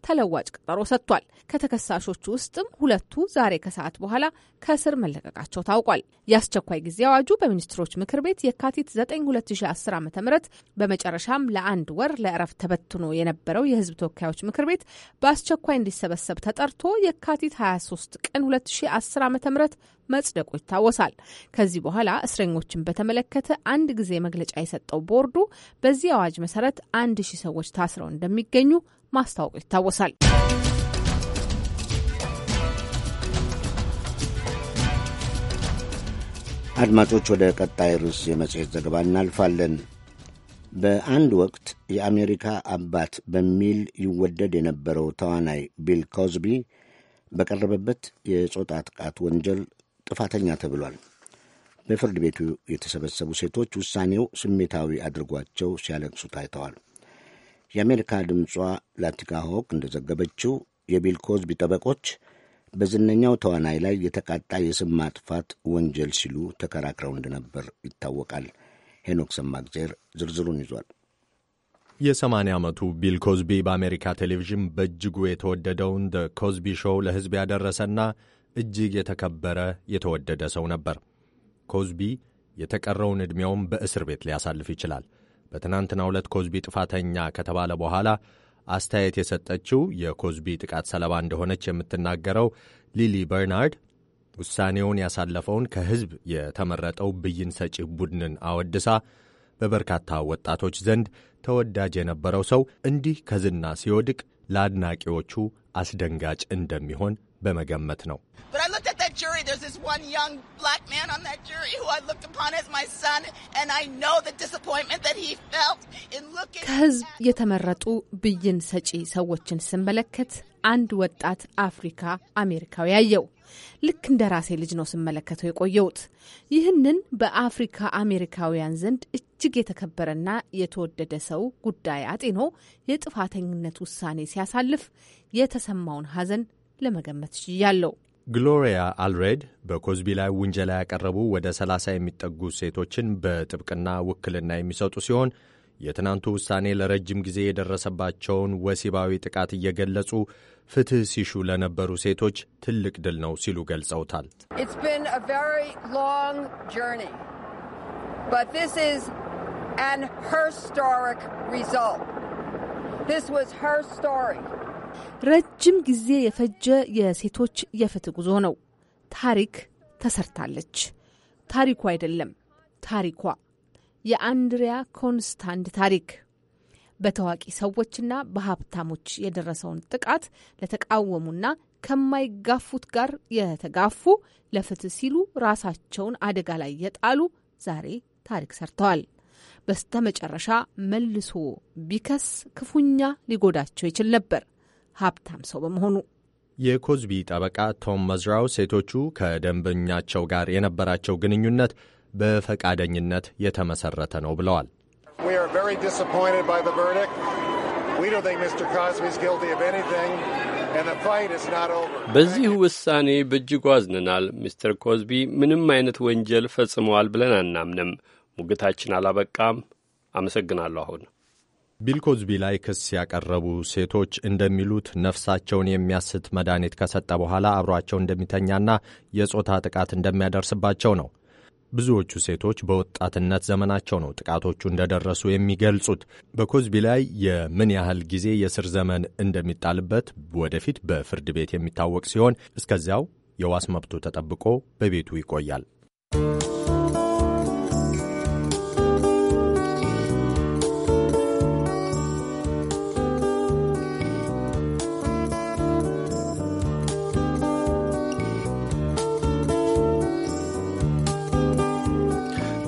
Speaker 10: ተለዋጭ ቀጠሮ ሰጥቷል። ከተከሳሾቹ ውስጥም ሁለቱ ዛሬ ከሰዓት በኋላ ከእስር መለቀቃቸው ታውቋል። የአስቸኳይ ጊዜ አዋጁ በሚኒስትሮች ምክር ቤት የካቲት 9 2010 ዓ ም በመጨረሻም ለአንድ ወር ለእረፍት ተበትኖ የነበረው የህዝብ ተወካዮች ምክር ቤት በአስቸኳይ እንዲሰበሰብ ተጠርቶ የካቲት 23 ቀን 2010 ዓ ም መጽደቁ ይታወሳል። ከዚህ በኋላ እስረኞችን በተመለከተ አንድ ጊዜ መግለጫ የሰጠው የገለጸው ቦርዱ በዚህ አዋጅ መሰረት አንድ ሺህ ሰዎች ታስረው እንደሚገኙ ማስታወቁ ይታወሳል።
Speaker 5: አድማጮች ወደ ቀጣይ ርዕስ የመጽሔት ዘገባ እናልፋለን። በአንድ ወቅት የአሜሪካ አባት በሚል ይወደድ የነበረው ተዋናይ ቢል ኮዝቢ በቀረበበት የጾታ ጥቃት ወንጀል ጥፋተኛ ተብሏል። በፍርድ ቤቱ የተሰበሰቡ ሴቶች ውሳኔው ስሜታዊ አድርጓቸው ሲያለቅሱ ታይተዋል። የአሜሪካ ድምጿ ላቲካ ሆክ እንደዘገበችው የቢል ኮዝቢ ጠበቆች በዝነኛው ተዋናይ ላይ የተቃጣ የስም ማጥፋት ወንጀል ሲሉ ተከራክረው እንደነበር ይታወቃል። ሄኖክ ሰማግዜር
Speaker 4: ዝርዝሩን ይዟል። የ80 ዓመቱ ቢል ኮዝቢ በአሜሪካ ቴሌቪዥን በእጅጉ የተወደደውን ደ ኮዝቢ ሾው ለሕዝብ ያደረሰና እጅግ የተከበረ የተወደደ ሰው ነበር። ኮዝቢ የተቀረውን ዕድሜውም በእስር ቤት ሊያሳልፍ ይችላል። በትናንትና ዕለት ኮዝቢ ጥፋተኛ ከተባለ በኋላ አስተያየት የሰጠችው የኮዝቢ ጥቃት ሰለባ እንደሆነች የምትናገረው ሊሊ በርናርድ ውሳኔውን ያሳለፈውን ከሕዝብ የተመረጠው ብይን ሰጪ ቡድንን አወድሳ በበርካታ ወጣቶች ዘንድ ተወዳጅ የነበረው ሰው እንዲህ ከዝና ሲወድቅ ለአድናቂዎቹ አስደንጋጭ እንደሚሆን በመገመት ነው።
Speaker 2: jury, there's this one young black man on that jury who I looked upon as my son, and I know the disappointment that he felt in looking. ከህዝብ
Speaker 10: የተመረጡ ብይን ሰጪ ሰዎችን ስመለከት አንድ ወጣት አፍሪካ አሜሪካዊ ያየው ልክ እንደ ራሴ ልጅ ነው ስመለከተው የቆየውት። ይህንን በአፍሪካ አሜሪካውያን ዘንድ እጅግ የተከበረና የተወደደ ሰው ጉዳይ አጤኖ የጥፋተኝነት ውሳኔ ሲያሳልፍ የተሰማውን ሐዘን ለመገመት ችያለው።
Speaker 4: ግሎሪያ አልሬድ በኮዝቢ ላይ ውንጀላ ያቀረቡ ወደ 30 የሚጠጉ ሴቶችን በጥብቅና ውክልና የሚሰጡ ሲሆን የትናንቱ ውሳኔ ለረጅም ጊዜ የደረሰባቸውን ወሲባዊ ጥቃት እየገለጹ ፍትህ ሲሹ ለነበሩ ሴቶች ትልቅ ድል ነው ሲሉ ገልጸውታል።
Speaker 12: ስ
Speaker 10: ረጅም ጊዜ የፈጀ የሴቶች የፍትህ ጉዞ ነው። ታሪክ ተሰርታለች። ታሪኩ አይደለም ታሪኳ፣ የአንድሪያ ኮንስታንድ ታሪክ በታዋቂ ሰዎችና በሀብታሞች የደረሰውን ጥቃት ለተቃወሙና ከማይጋፉት ጋር የተጋፉ ለፍትህ ሲሉ ራሳቸውን አደጋ ላይ የጣሉ ዛሬ ታሪክ ሰርተዋል። በስተመጨረሻ መልሶ ቢከስ ክፉኛ ሊጎዳቸው ይችል ነበር። ሀብታም ሰው በመሆኑ።
Speaker 4: የኮዝቢ ጠበቃ ቶም መዝራው ሴቶቹ ከደንበኛቸው ጋር የነበራቸው ግንኙነት በፈቃደኝነት የተመሰረተ ነው ብለዋል።
Speaker 1: በዚህ ውሳኔ በእጅጉ አዝነናል። ሚስተር ኮዝቢ ምንም አይነት ወንጀል ፈጽመዋል ብለን አናምንም። ሙግታችን አላበቃም። አመሰግናለሁ። አሁን
Speaker 4: ቢል ኮዝቢ ላይ ክስ ያቀረቡ ሴቶች እንደሚሉት ነፍሳቸውን የሚያስት መድኃኒት ከሰጠ በኋላ አብሯቸው እንደሚተኛና የጾታ ጥቃት እንደሚያደርስባቸው ነው። ብዙዎቹ ሴቶች በወጣትነት ዘመናቸው ነው ጥቃቶቹ እንደደረሱ የሚገልጹት። በኮዝቢ ላይ የምን ያህል ጊዜ የስር ዘመን እንደሚጣልበት ወደፊት በፍርድ ቤት የሚታወቅ ሲሆን እስከዚያው የዋስ መብቱ ተጠብቆ በቤቱ ይቆያል።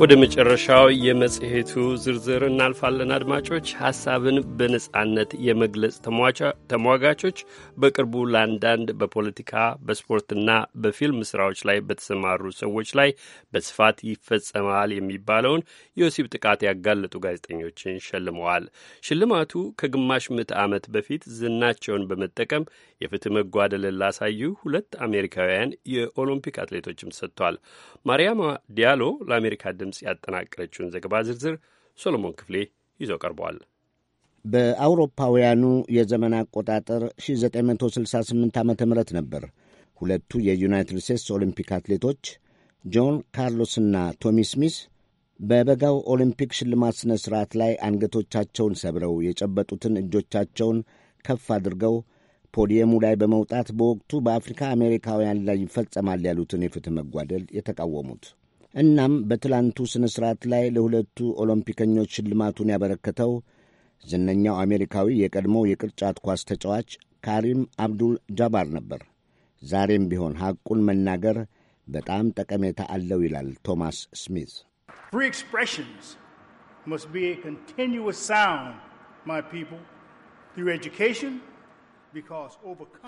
Speaker 1: ወደ መጨረሻው የመጽሔቱ ዝርዝር እናልፋለን። አድማጮች ሐሳብን በነጻነት የመግለጽ ተሟጋቾች በቅርቡ ለአንዳንድ በፖለቲካ በስፖርትና በፊልም ስራዎች ላይ በተሰማሩ ሰዎች ላይ በስፋት ይፈጸማል የሚባለውን የወሲብ ጥቃት ያጋለጡ ጋዜጠኞችን ሸልመዋል። ሽልማቱ ከግማሽ ምዕተ ዓመት በፊት ዝናቸውን በመጠቀም የፍትህ መጓደልን ላሳዩ ሁለት አሜሪካውያን የኦሎምፒክ አትሌቶችም ሰጥቷል። ማርያማ ዲያሎ ለአሜሪካ ድምፅ ያጠናቀረችውን ዘገባ ዝርዝር ሶሎሞን ክፍሌ ይዞ ቀርበዋል።
Speaker 5: በአውሮፓውያኑ የዘመን አቆጣጠር 1968 ዓ ም ነበር ሁለቱ የዩናይትድ ስቴትስ ኦሊምፒክ አትሌቶች ጆን ካርሎስና ቶሚ ስሚስ በበጋው ኦሊምፒክ ሽልማት ሥነ ሥርዓት ላይ አንገቶቻቸውን ሰብረው የጨበጡትን እጆቻቸውን ከፍ አድርገው ፖዲየሙ ላይ በመውጣት በወቅቱ በአፍሪካ አሜሪካውያን ላይ ይፈጸማል ያሉትን የፍትሕ መጓደል የተቃወሙት እናም በትላንቱ ሥነ ሥርዓት ላይ ለሁለቱ ኦሎምፒከኞች ሽልማቱን ያበረከተው ዝነኛው አሜሪካዊ የቀድሞው የቅርጫት ኳስ ተጫዋች ካሪም አብዱል ጃባር ነበር። ዛሬም ቢሆን ሐቁን መናገር በጣም ጠቀሜታ አለው ይላል ቶማስ ስሚዝ።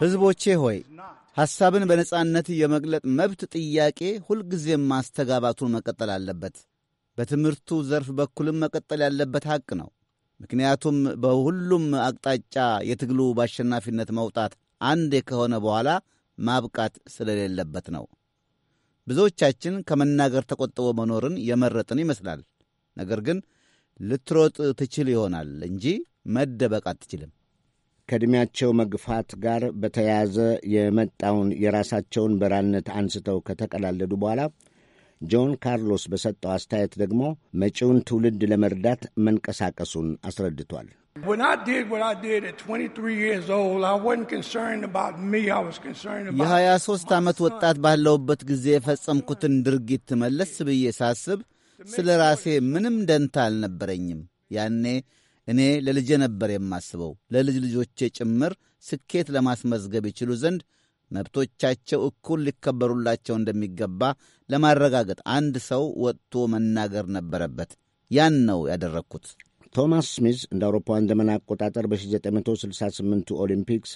Speaker 3: ሕዝቦቼ ሆይ ሐሳብን በነጻነት የመግለጥ መብት ጥያቄ ሁልጊዜም ማስተጋባቱን መቀጠል አለበት። በትምህርቱ ዘርፍ በኩልም መቀጠል ያለበት ሐቅ ነው። ምክንያቱም በሁሉም አቅጣጫ የትግሉ በአሸናፊነት መውጣት አንዴ ከሆነ በኋላ ማብቃት ስለሌለበት ነው። ብዙዎቻችን ከመናገር ተቆጥቦ መኖርን የመረጥን ይመስላል። ነገር ግን ልትሮጥ ትችል ይሆናል እንጂ መደበቅ አትችልም። ከዕድሜያቸው መግፋት
Speaker 5: ጋር በተያያዘ የመጣውን የራሳቸውን በራነት አንስተው ከተቀላለዱ በኋላ ጆን ካርሎስ በሰጠው አስተያየት ደግሞ መጪውን ትውልድ ለመርዳት መንቀሳቀሱን አስረድቷል።
Speaker 13: የሀያ
Speaker 3: ሦስት ዓመት ወጣት ባለውበት ጊዜ የፈጸምኩትን ድርጊት መለስ ብዬ ሳስብ ስለ ራሴ ምንም ደንታ አልነበረኝም። ያኔ እኔ ለልጄ ነበር የማስበው፣ ለልጅ ልጆቼ ጭምር ስኬት ለማስመዝገብ ይችሉ ዘንድ መብቶቻቸው እኩል ሊከበሩላቸው እንደሚገባ ለማረጋገጥ አንድ ሰው ወጥቶ መናገር ነበረበት። ያን ነው ያደረግኩት።
Speaker 5: ቶማስ ስሚዝ እንደ አውሮፓውያን ዘመን አቆጣጠር በ1968ቱ ኦሊምፒክስ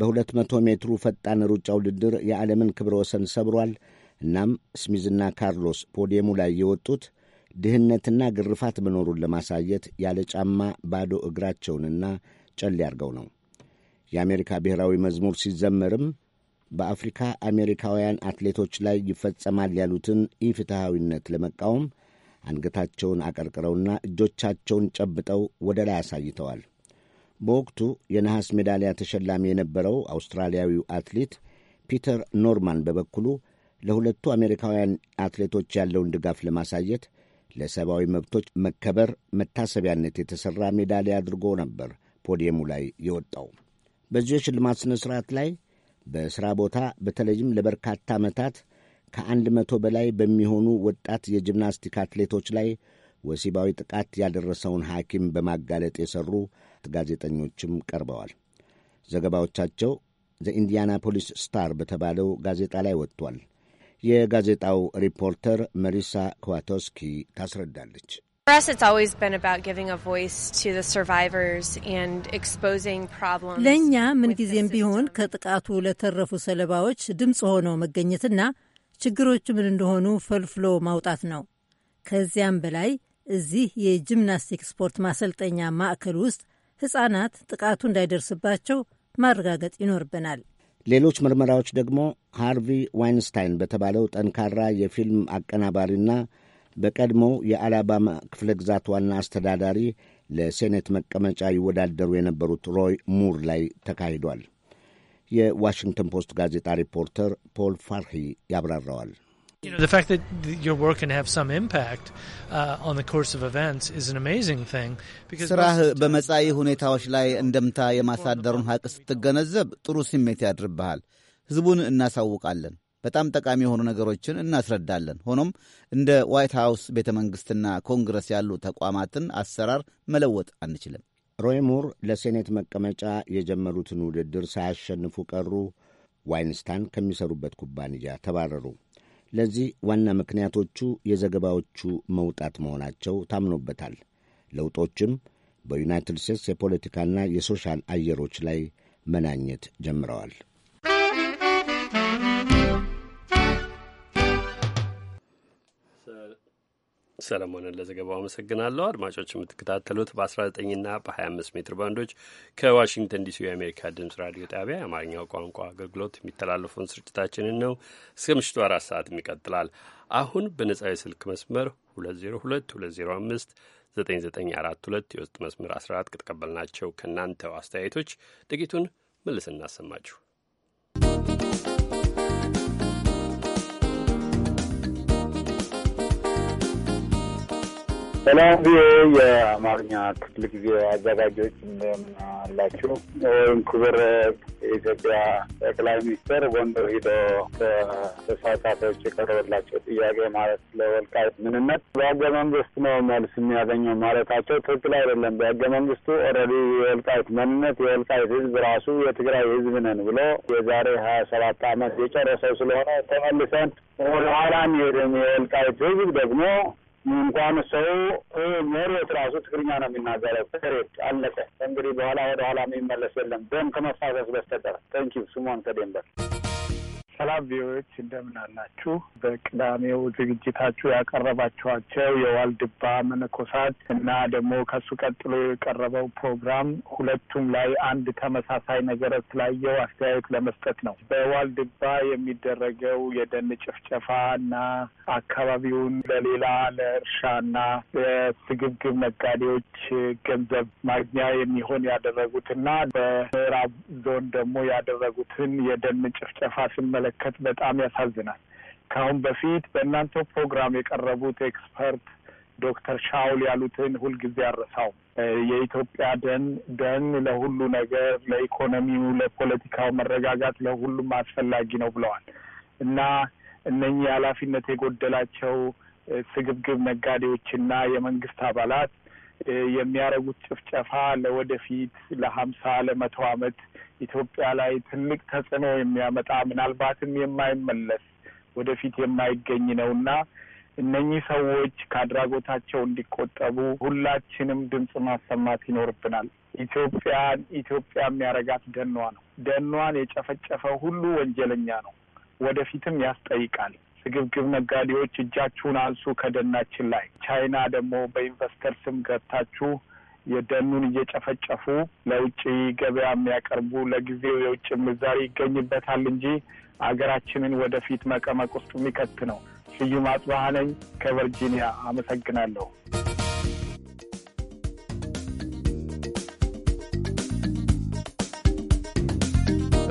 Speaker 5: በ200 ሜትሩ ፈጣን ሩጫ ውድድር የዓለምን ክብረ ወሰን ሰብሯል። እናም ስሚዝና ካርሎስ ፖዲየሙ ላይ የወጡት ድህነትና ግርፋት መኖሩን ለማሳየት ያለ ጫማ ባዶ እግራቸውንና ጨሌ አድርገው ነው። የአሜሪካ ብሔራዊ መዝሙር ሲዘመርም በአፍሪካ አሜሪካውያን አትሌቶች ላይ ይፈጸማል ያሉትን ኢፍትሐዊነት ለመቃወም አንገታቸውን አቀርቅረውና እጆቻቸውን ጨብጠው ወደ ላይ አሳይተዋል። በወቅቱ የነሐስ ሜዳሊያ ተሸላሚ የነበረው አውስትራሊያዊው አትሌት ፒተር ኖርማን በበኩሉ ለሁለቱ አሜሪካውያን አትሌቶች ያለውን ድጋፍ ለማሳየት ለሰብአዊ መብቶች መከበር መታሰቢያነት የተሠራ ሜዳሊያ አድርጎ ነበር ፖዲየሙ ላይ የወጣው። በዚህ የሽልማት ሥነ ሥርዓት ላይ በሥራ ቦታ በተለይም ለበርካታ ዓመታት ከአንድ መቶ በላይ በሚሆኑ ወጣት የጂምናስቲክ አትሌቶች ላይ ወሲባዊ ጥቃት ያደረሰውን ሐኪም በማጋለጥ የሠሩ ጋዜጠኞችም ቀርበዋል። ዘገባዎቻቸው ዘኢንዲያናፖሊስ ስታር በተባለው ጋዜጣ ላይ ወጥቷል። የጋዜጣው ሪፖርተር መሪሳ ክዋቶስኪ ታስረዳለች።
Speaker 11: ለእኛ
Speaker 6: ምንጊዜም ቢሆን ከጥቃቱ ለተረፉ ሰለባዎች ድምፅ ሆኖ መገኘትና ችግሮች ምን እንደሆኑ ፈልፍሎ ማውጣት ነው። ከዚያም በላይ እዚህ የጂምናስቲክ ስፖርት ማሰልጠኛ ማዕከል ውስጥ ሕፃናት ጥቃቱ እንዳይደርስባቸው ማረጋገጥ ይኖርብናል።
Speaker 5: ሌሎች ምርመራዎች ደግሞ ሃርቪ ዋይንስታይን በተባለው ጠንካራ የፊልም አቀናባሪና በቀድሞው የአላባማ ክፍለ ግዛት ዋና አስተዳዳሪ ለሴኔት መቀመጫ ይወዳደሩ የነበሩት ሮይ ሙር ላይ ተካሂዷል። የዋሽንግተን ፖስት ጋዜጣ ሪፖርተር ፖል ፋርሂ ያብራራዋል።
Speaker 1: you know the fact that your work can have some impact uh, on the course of events is an amazing thing because ስራህ
Speaker 3: በመጻኢ ሁኔታዎች ላይ እንደምታ የማሳደሩን ሀቅ ስትገነዘብ ጥሩ ስሜት ያድርብሃል። ህዝቡን እናሳውቃለን፣ በጣም ጠቃሚ የሆኑ ነገሮችን እናስረዳለን። ሆኖም እንደ ዋይት ሀውስ ቤተ መንግሥትና ኮንግረስ ያሉ ተቋማትን አሰራር መለወጥ አንችልም። ሮይ ሙር ለሴኔት መቀመጫ የጀመሩትን ውድድር
Speaker 5: ሳያሸንፉ ቀሩ። ዋይንስታን ከሚሰሩበት ኩባንያ ተባረሩ። ለዚህ ዋና ምክንያቶቹ የዘገባዎቹ መውጣት መሆናቸው ታምኖበታል። ለውጦችም በዩናይትድ ስቴትስ የፖለቲካና የሶሻል አየሮች ላይ መናኘት ጀምረዋል።
Speaker 1: ሰለሞንን ለዘገባው አመሰግናለሁ። አድማጮች የምትከታተሉት በ19ና በ25 ሜትር ባንዶች ከዋሽንግተን ዲሲ የአሜሪካ ድምጽ ራዲዮ ጣቢያ የአማርኛው ቋንቋ አገልግሎት የሚተላለፈውን ስርጭታችንን ነው። እስከ ምሽቱ አራት ሰዓት ይቀጥላል። አሁን በነጻ የስልክ መስመር 202 205 9942 የውስጥ መስመር 14 ከተቀበልናቸው ከእናንተው አስተያየቶች ጥቂቱን መልስ እናሰማችሁ።
Speaker 14: ሰላም ቪኦኤ የአማርኛ ክፍል ጊዜ አዘጋጆች እንደምን አላችሁ? ወይም ክቡር የኢትዮጵያ ጠቅላይ ሚኒስትር ጎንደር ሂዶ ተሳታፊዎች የቀረበላቸው ጥያቄ ማለት ለወልቃይት ምንነት በህገ መንግስት ነው መልስ የሚያገኘው ማለታቸው ትክክል አይደለም። በህገ መንግስቱ ኦልሬዲ የወልቃይት ማንነት የወልቃይት ህዝብ ራሱ የትግራይ ህዝብ ነን ብሎ የዛሬ ሀያ ሰባት አመት የጨረሰው ስለሆነ ተመልሰን ወደኋላ የወልቃይት ህዝብ ደግሞ እንኳን ሰው መሪዎት ራሱ ትግርኛ ነው የሚናገረው። ሬድ አለቀ። እንግዲህ በኋላ ወደ ኋላ የሚመለስ የለም፣ ደም ከመፋሰስ በስተቀር። ተንኪ ስሞን ከደንበር ሰላም ቪዎች እንደምን አላችሁ? በቅዳሜው ዝግጅታችሁ ያቀረባችኋቸው የዋልድባ መነኮሳት እና ደግሞ ከሱ ቀጥሎ የቀረበው ፕሮግራም ሁለቱም ላይ አንድ ተመሳሳይ ነገር ስላየው አስተያየት ለመስጠት ነው። በዋልድባ የሚደረገው የደን ጭፍጨፋ እና አካባቢውን ለሌላ ለእርሻ እና የስግብግብ ነጋዴዎች ገንዘብ ማግኛ የሚሆን ያደረጉት እና በምዕራብ ዞን ደግሞ ያደረጉትን የደን ጭፍጨፋ ስመለ ስንመለከት በጣም ያሳዝናል። ከአሁን በፊት በእናንተው ፕሮግራም የቀረቡት ኤክስፐርት ዶክተር ሻውል ያሉትን ሁልጊዜ አረሳውም። የኢትዮጵያ ደን ደን ለሁሉ ነገር ለኢኮኖሚው፣ ለፖለቲካው መረጋጋት ለሁሉም አስፈላጊ ነው ብለዋል እና እነኚህ ኃላፊነት የጎደላቸው ስግብግብ ነጋዴዎችና የመንግስት አባላት የሚያደርጉት ጭፍጨፋ ለወደፊት ለሀምሳ ለመቶ ዓመት ኢትዮጵያ ላይ ትልቅ ተጽዕኖ የሚያመጣ ምናልባትም የማይመለስ ወደፊት የማይገኝ እና እነኚህ ሰዎች ከአድራጎታቸው እንዲቆጠቡ ሁላችንም ድምፅ ማሰማት ይኖርብናል። ኢትዮጵያን ኢትዮጵያ የሚያረጋት ደኗ ነው። ደኗን የጨፈጨፈ ሁሉ ወንጀለኛ ነው። ወደፊትም ያስጠይቃል። ስግብግብ ነጋዴዎች እጃችሁን አንሱ ከደናችን ላይ። ቻይና ደግሞ በኢንቨስተር ስም ገብታችሁ የደኑን እየጨፈጨፉ ለውጭ ገበያ የሚያቀርቡ ለጊዜው የውጭ ምንዛሪ ይገኝበታል እንጂ አገራችንን ወደፊት መቀመቅ ውስጥ የሚከት ነው። ስዩም አጽባህ ነኝ ከቨርጂኒያ አመሰግናለሁ።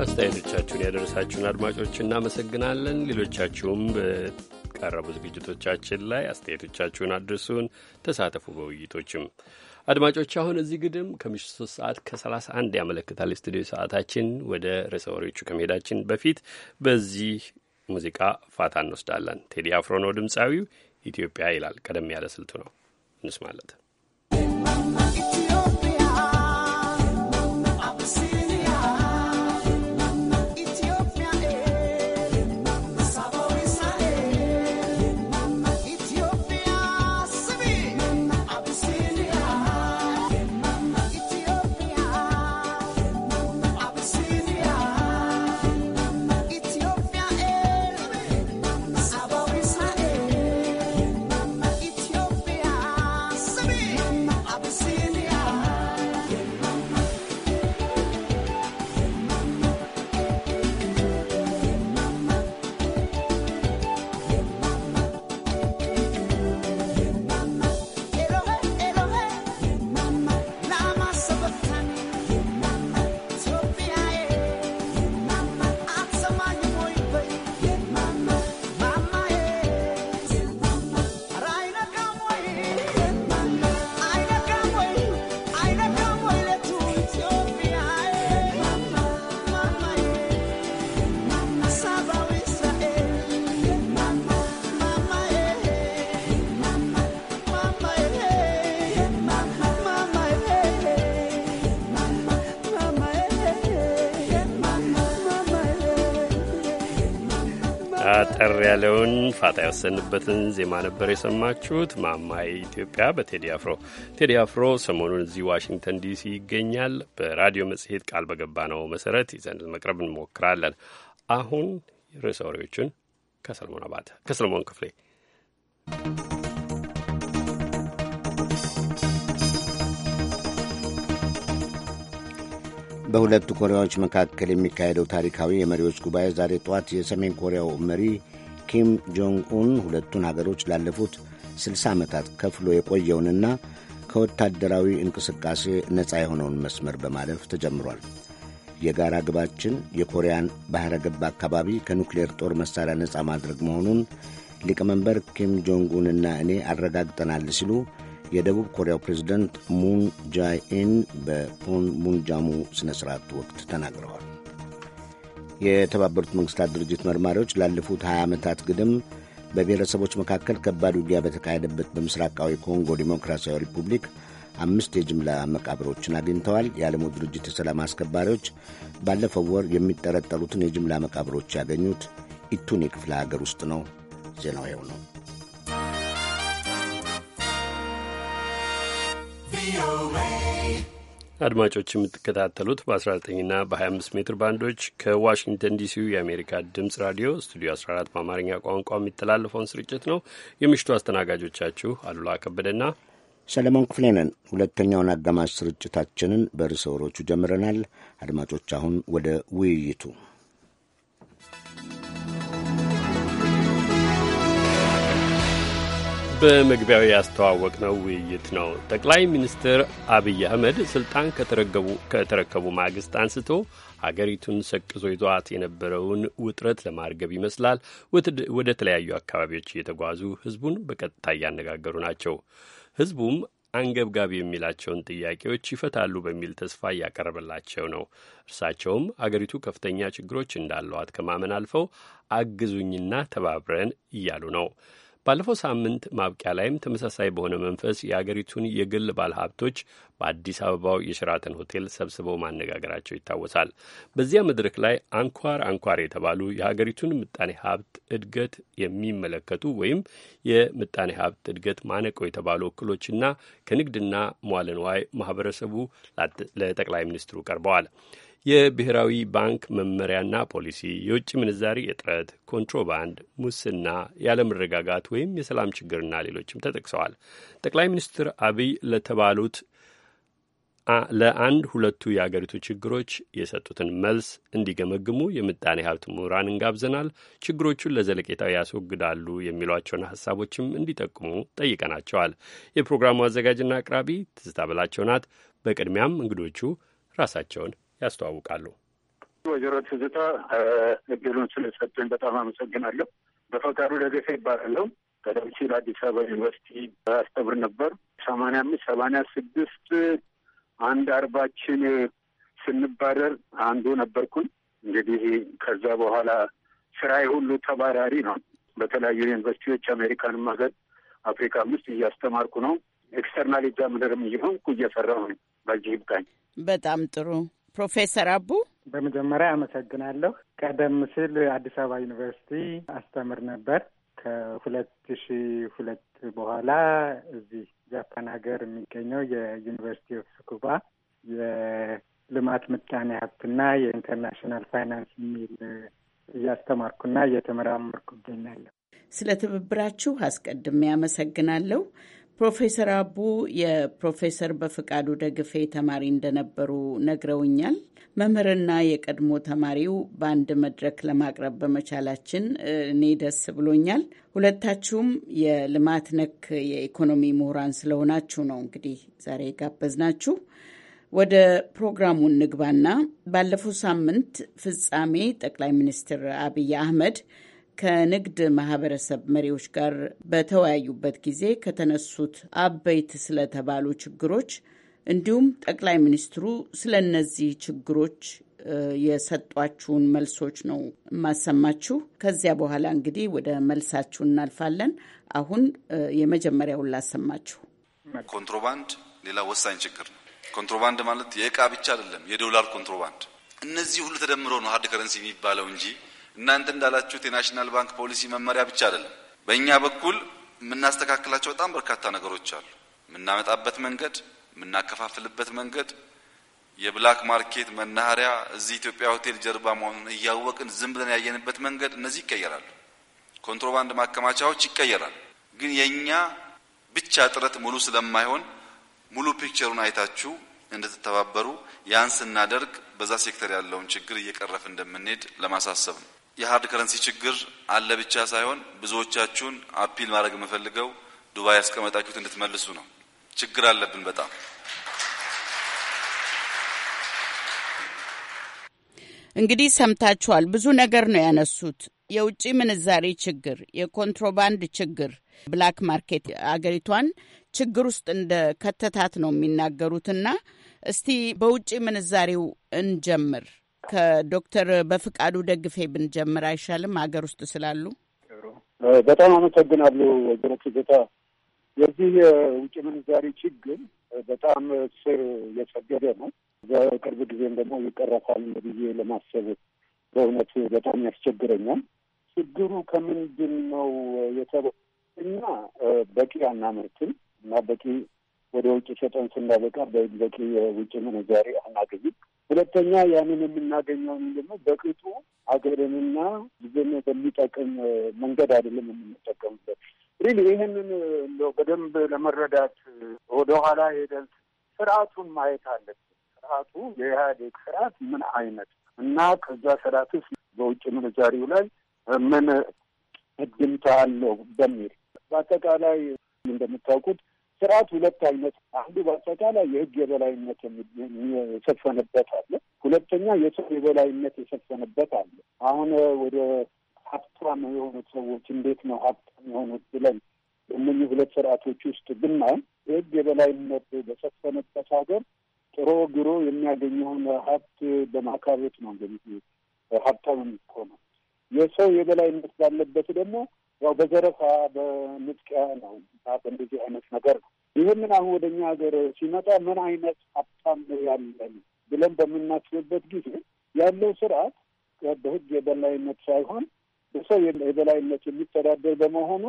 Speaker 1: አስተያየቶቻችሁን ያደረሳችሁን አድማጮች እናመሰግናለን። ሌሎቻችሁም በቀረቡ ዝግጅቶቻችን ላይ አስተያየቶቻችሁን አድርሱን፣ ተሳተፉ በውይይቶችም አድማጮች አሁን እዚህ ግድም ከምሽቱ ሶስት ሰዓት ከሰላሳ አንድ ያመለክታል የስቱዲዮ ሰዓታችን። ወደ ርዕሰ ወሬዎቹ ከመሄዳችን በፊት በዚህ ሙዚቃ ፋታ እንወስዳለን። ቴዲ አፍሮ ነው ድምፃዊው። ኢትዮጵያ ይላል ቀደም ያለ ስልቱ ነው እንስማለት ያለውን ፋታ የወሰንበትን ዜማ ነበር የሰማችሁት። ማማይ ኢትዮጵያ በቴዲ አፍሮ። ቴዲ አፍሮ ሰሞኑን እዚህ ዋሽንግተን ዲሲ ይገኛል። በራዲዮ መጽሔት ቃል በገባ ነው መሰረት ይዘን መቅረብ እንሞክራለን። አሁን ርዕሰ ወሬዎቹን ከሰለሞን አባተ ከሰለሞን ክፍሌ
Speaker 5: በሁለቱ ኮሪያዎች መካከል የሚካሄደው ታሪካዊ የመሪዎች ጉባኤ ዛሬ ጠዋት የሰሜን ኮሪያው መሪ ኪም ጆንግ ኡን ሁለቱን አገሮች ላለፉት 60 ዓመታት ከፍሎ የቆየውንና ከወታደራዊ እንቅስቃሴ ነፃ የሆነውን መስመር በማለፍ ተጀምሯል። የጋራ ግባችን የኮሪያን ባሕረ ገብ አካባቢ ከኑክሌር ጦር መሣሪያ ነፃ ማድረግ መሆኑን ሊቀመንበር ኪም ጆንግ ኡንና እኔ አረጋግጠናል ሲሉ የደቡብ ኮሪያው ፕሬዝደንት ሙን ጃይኢን ሙንጃሙ ሥነ ሥርዓት ወቅት ተናግረዋል። የተባበሩት መንግስታት ድርጅት መርማሪዎች ላለፉት 20 ዓመታት ግድም በብሔረሰቦች መካከል ከባድ ውጊያ በተካሄደበት በምስራቃዊ ኮንጎ ዲሞክራሲያዊ ሪፑብሊክ አምስት የጅምላ መቃብሮችን አግኝተዋል። የዓለሙ ድርጅት የሰላም አስከባሪዎች ባለፈው ወር የሚጠረጠሩትን የጅምላ መቃብሮች ያገኙት ኢቱን የክፍለ ሀገር ውስጥ ነው። ዜናው ይኸው ነው።
Speaker 1: አድማጮች የምትከታተሉት በ19ና በ25 ሜትር ባንዶች ከዋሽንግተን ዲሲው የአሜሪካ ድምፅ ራዲዮ ስቱዲዮ 14 በአማርኛ ቋንቋ የሚተላለፈውን ስርጭት ነው። የምሽቱ አስተናጋጆቻችሁ አሉላ ከበደና
Speaker 5: ሰለሞን ክፍሌ ነን። ሁለተኛውን አጋማሽ ስርጭታችንን በርዕሰ ወሮቹ ጀምረናል። አድማጮች አሁን ወደ ውይይቱ
Speaker 1: በመግቢያው ያስተዋወቅነው ውይይት ነው። ጠቅላይ ሚኒስትር አብይ አህመድ ስልጣን ከተረከቡ ማግስት አንስቶ ሀገሪቱን ሰቅዞ ይዟት የነበረውን ውጥረት ለማርገብ ይመስላል ወደ ተለያዩ አካባቢዎች እየተጓዙ ህዝቡን በቀጥታ እያነጋገሩ ናቸው። ህዝቡም አንገብጋቢ የሚላቸውን ጥያቄዎች ይፈታሉ በሚል ተስፋ እያቀረበላቸው ነው። እርሳቸውም አገሪቱ ከፍተኛ ችግሮች እንዳለዋት ከማመን አልፈው አግዙኝና ተባብረን እያሉ ነው። ባለፈው ሳምንት ማብቂያ ላይም ተመሳሳይ በሆነ መንፈስ የአገሪቱን የግል ባለሀብቶች በአዲስ አበባው የሸራተን ሆቴል ሰብስበው ማነጋገራቸው ይታወሳል። በዚያ መድረክ ላይ አንኳር አንኳር የተባሉ የሀገሪቱን ምጣኔ ሀብት እድገት የሚመለከቱ ወይም የምጣኔ ሀብት እድገት ማነቆ የተባሉ እክሎችና ከንግድና ሟለንዋይ ማህበረሰቡ ለጠቅላይ ሚኒስትሩ ቀርበዋል። የብሔራዊ ባንክ መመሪያና ፖሊሲ፣ የውጭ ምንዛሪ እጥረት፣ ኮንትሮባንድ፣ ሙስና፣ ያለመረጋጋት ወይም የሰላም ችግርና ሌሎችም ተጠቅሰዋል። ጠቅላይ ሚኒስትር አብይ ለተባሉት ለአንድ ሁለቱ የአገሪቱ ችግሮች የሰጡትን መልስ እንዲገመግሙ የምጣኔ ሀብት ምሁራን እንጋብዘናል። ችግሮቹን ለዘለቄታው ያስወግዳሉ የሚሏቸውን ሀሳቦችም እንዲጠቁሙ ጠይቀናቸዋል። የፕሮግራሙ አዘጋጅና አቅራቢ ትዝታ በላቸው ናት። በቅድሚያም እንግዶቹ ራሳቸውን ያስተዋውቃሉ።
Speaker 8: ወይዘሮ ትዝታ እድሉን ስለሰጡኝ በጣም አመሰግናለሁ። በፈቃዱ ደገፈ ይባላለሁ። ቀደም ሲል አዲስ አበባ ዩኒቨርሲቲ አስተምር ነበር። ሰማንያ አምስት ሰማንያ ስድስት አንድ አርባችን ስንባረር አንዱ ነበርኩኝ። እንግዲህ ከዛ በኋላ ስራዬ ሁሉ ተባራሪ ነው። በተለያዩ ዩኒቨርሲቲዎች አሜሪካንም ሀገር አፍሪካም ውስጥ እያስተማርኩ ነው። ኤክስተርናል ኤግዛምነርም እየሆንኩ እየሰራሁ ነው። በዚህ ይብቃኝ።
Speaker 2: በጣም ጥሩ ፕሮፌሰር አቡ በመጀመሪያ
Speaker 13: አመሰግናለሁ። ቀደም ሲል አዲስ አበባ ዩኒቨርሲቲ አስተምር ነበር። ከሁለት ሺ ሁለት በኋላ እዚህ ጃፓን ሀገር የሚገኘው የዩኒቨርሲቲ ኦፍ ስኩባ የልማት ምጣኔ ሀብትና የኢንተርናሽናል ፋይናንስ የሚል እያስተማርኩና እየተመራመርኩ እገኛለሁ።
Speaker 2: ስለ ትብብራችሁ አስቀድሜ ያመሰግናለሁ። ፕሮፌሰር አቡ የፕሮፌሰር በፈቃዱ ደግፌ ተማሪ እንደነበሩ ነግረውኛል። መምህርና የቀድሞ ተማሪው በአንድ መድረክ ለማቅረብ በመቻላችን እኔ ደስ ብሎኛል። ሁለታችሁም የልማት ነክ የኢኮኖሚ ምሁራን ስለሆናችሁ ነው እንግዲህ ዛሬ ናችሁ ወደ ፕሮግራሙ እንግባና ባለፈው ሳምንት ፍጻሜ ጠቅላይ ሚኒስትር አብይ አህመድ ከንግድ ማህበረሰብ መሪዎች ጋር በተወያዩበት ጊዜ ከተነሱት አበይት ስለተባሉ ችግሮች እንዲሁም ጠቅላይ ሚኒስትሩ ስለ እነዚህ ችግሮች የሰጧችሁን መልሶች ነው የማሰማችሁ። ከዚያ በኋላ እንግዲህ ወደ መልሳችሁ እናልፋለን። አሁን የመጀመሪያውን ላሰማችሁ።
Speaker 3: ኮንትሮባንድ ሌላ ወሳኝ ችግር ነው። ኮንትሮባንድ ማለት የእቃ ብቻ አይደለም፣ የዶላር ኮንትሮባንድ። እነዚህ ሁሉ ተደምረው ነው ሀርድ ከረንሲ የሚባለው እንጂ እናንተ እንዳላችሁት የናሽናል ባንክ ፖሊሲ መመሪያ ብቻ አይደለም። በእኛ በኩል የምናስተካክላቸው በጣም በርካታ ነገሮች አሉ። የምናመጣበት መንገድ፣ የምናከፋፍልበት መንገድ የብላክ ማርኬት መናኸሪያ እዚህ ኢትዮጵያ ሆቴል ጀርባ መሆኑን እያወቅን ዝም ብለን ያየንበት መንገድ እነዚህ ይቀየራሉ። ኮንትሮባንድ ማከማቻዎች ይቀየራል። ግን የእኛ ብቻ ጥረት ሙሉ ስለማይሆን ሙሉ ፒክቸሩን አይታችሁ እንድትተባበሩ ያን ስናደርግ በዛ ሴክተር ያለውን ችግር እየቀረፍ እንደምንሄድ ለማሳሰብ ነው። የሀርድ ከረንሲ ችግር አለ ብቻ ሳይሆን ብዙዎቻችሁን አፒል ማድረግ የምፈልገው ዱባይ ያስቀመጣችሁት እንድትመልሱ ነው። ችግር አለብን በጣም።
Speaker 2: እንግዲህ ሰምታችኋል። ብዙ ነገር ነው ያነሱት። የውጭ ምንዛሬ ችግር፣ የኮንትሮባንድ ችግር፣ ብላክ ማርኬት አገሪቷን ችግር ውስጥ እንደ ከተታት ነው የሚናገሩትና እስቲ በውጭ ምንዛሬው እንጀምር። ከዶክተር በፍቃዱ ደግፌ ብንጀምር አይሻልም? ሀገር ውስጥ ስላሉ
Speaker 8: በጣም አመሰግናለሁ ወይዘሮ ትዝታ። የዚህ የውጭ ምንዛሪ ችግር በጣም ስር የሰደደ ነው። በቅርብ ጊዜም ደግሞ ይቀረፋል ብዬ ለማሰብ በእውነት በጣም ያስቸግረኛል። ችግሩ ከምንድን ነው የተበ እና በቂ አናመርትም እና በቂ ወደ ውጭ ሸጠን ስናበቃ በቂ የውጭ ምንዛሪ አናገኝም። ሁለተኛ ያንን የምናገኘውን ደግሞ በቅጡ ሀገርንና ጊዜን በሚጠቅም መንገድ አይደለም የምንጠቀምበት። ሪል ይህንን በደንብ ለመረዳት ወደኋላ ሄደን ስርዓቱን ማየት አለብን። ስርዓቱ የኢህአዴግ ስርዓት ምን አይነት እና ከዛ ስርዓትስ በውጭ ምንዛሪው ላይ ምን እድምታ አለው በሚል በአጠቃላይ እንደምታውቁት ስርዓት ሁለት አይነት አንዱ በአጠቃላይ የህግ የበላይነት የሰፈነበት አለ። ሁለተኛ የሰው የበላይነት የሰፈነበት አለ። አሁን ወደ ሀብታም የሆኑት ሰዎች እንዴት ነው ሀብታም የሆኑት ብለን እነኚህ ሁለት ስርዓቶች ውስጥ ብናይ የህግ የበላይነት በሰፈነበት ሀገር ጥሮ ግሮ የሚያገኘውን ሀብት በማካበት ነው እንግዲህ ሀብታም የሚሆነው። የሰው የበላይነት ባለበት ደግሞ ያው በዘረፋ በንጥቂያ ነው። እንደዚህ አይነት ነገር ነው። ይህምን አሁን ወደ እኛ ሀገር ሲመጣ ምን አይነት ሀብታም ነው ያለን ብለን በምናስብበት ጊዜ ያለው ስርዓት በህግ የበላይነት ሳይሆን በሰው የበላይነት የሚተዳደር በመሆኑ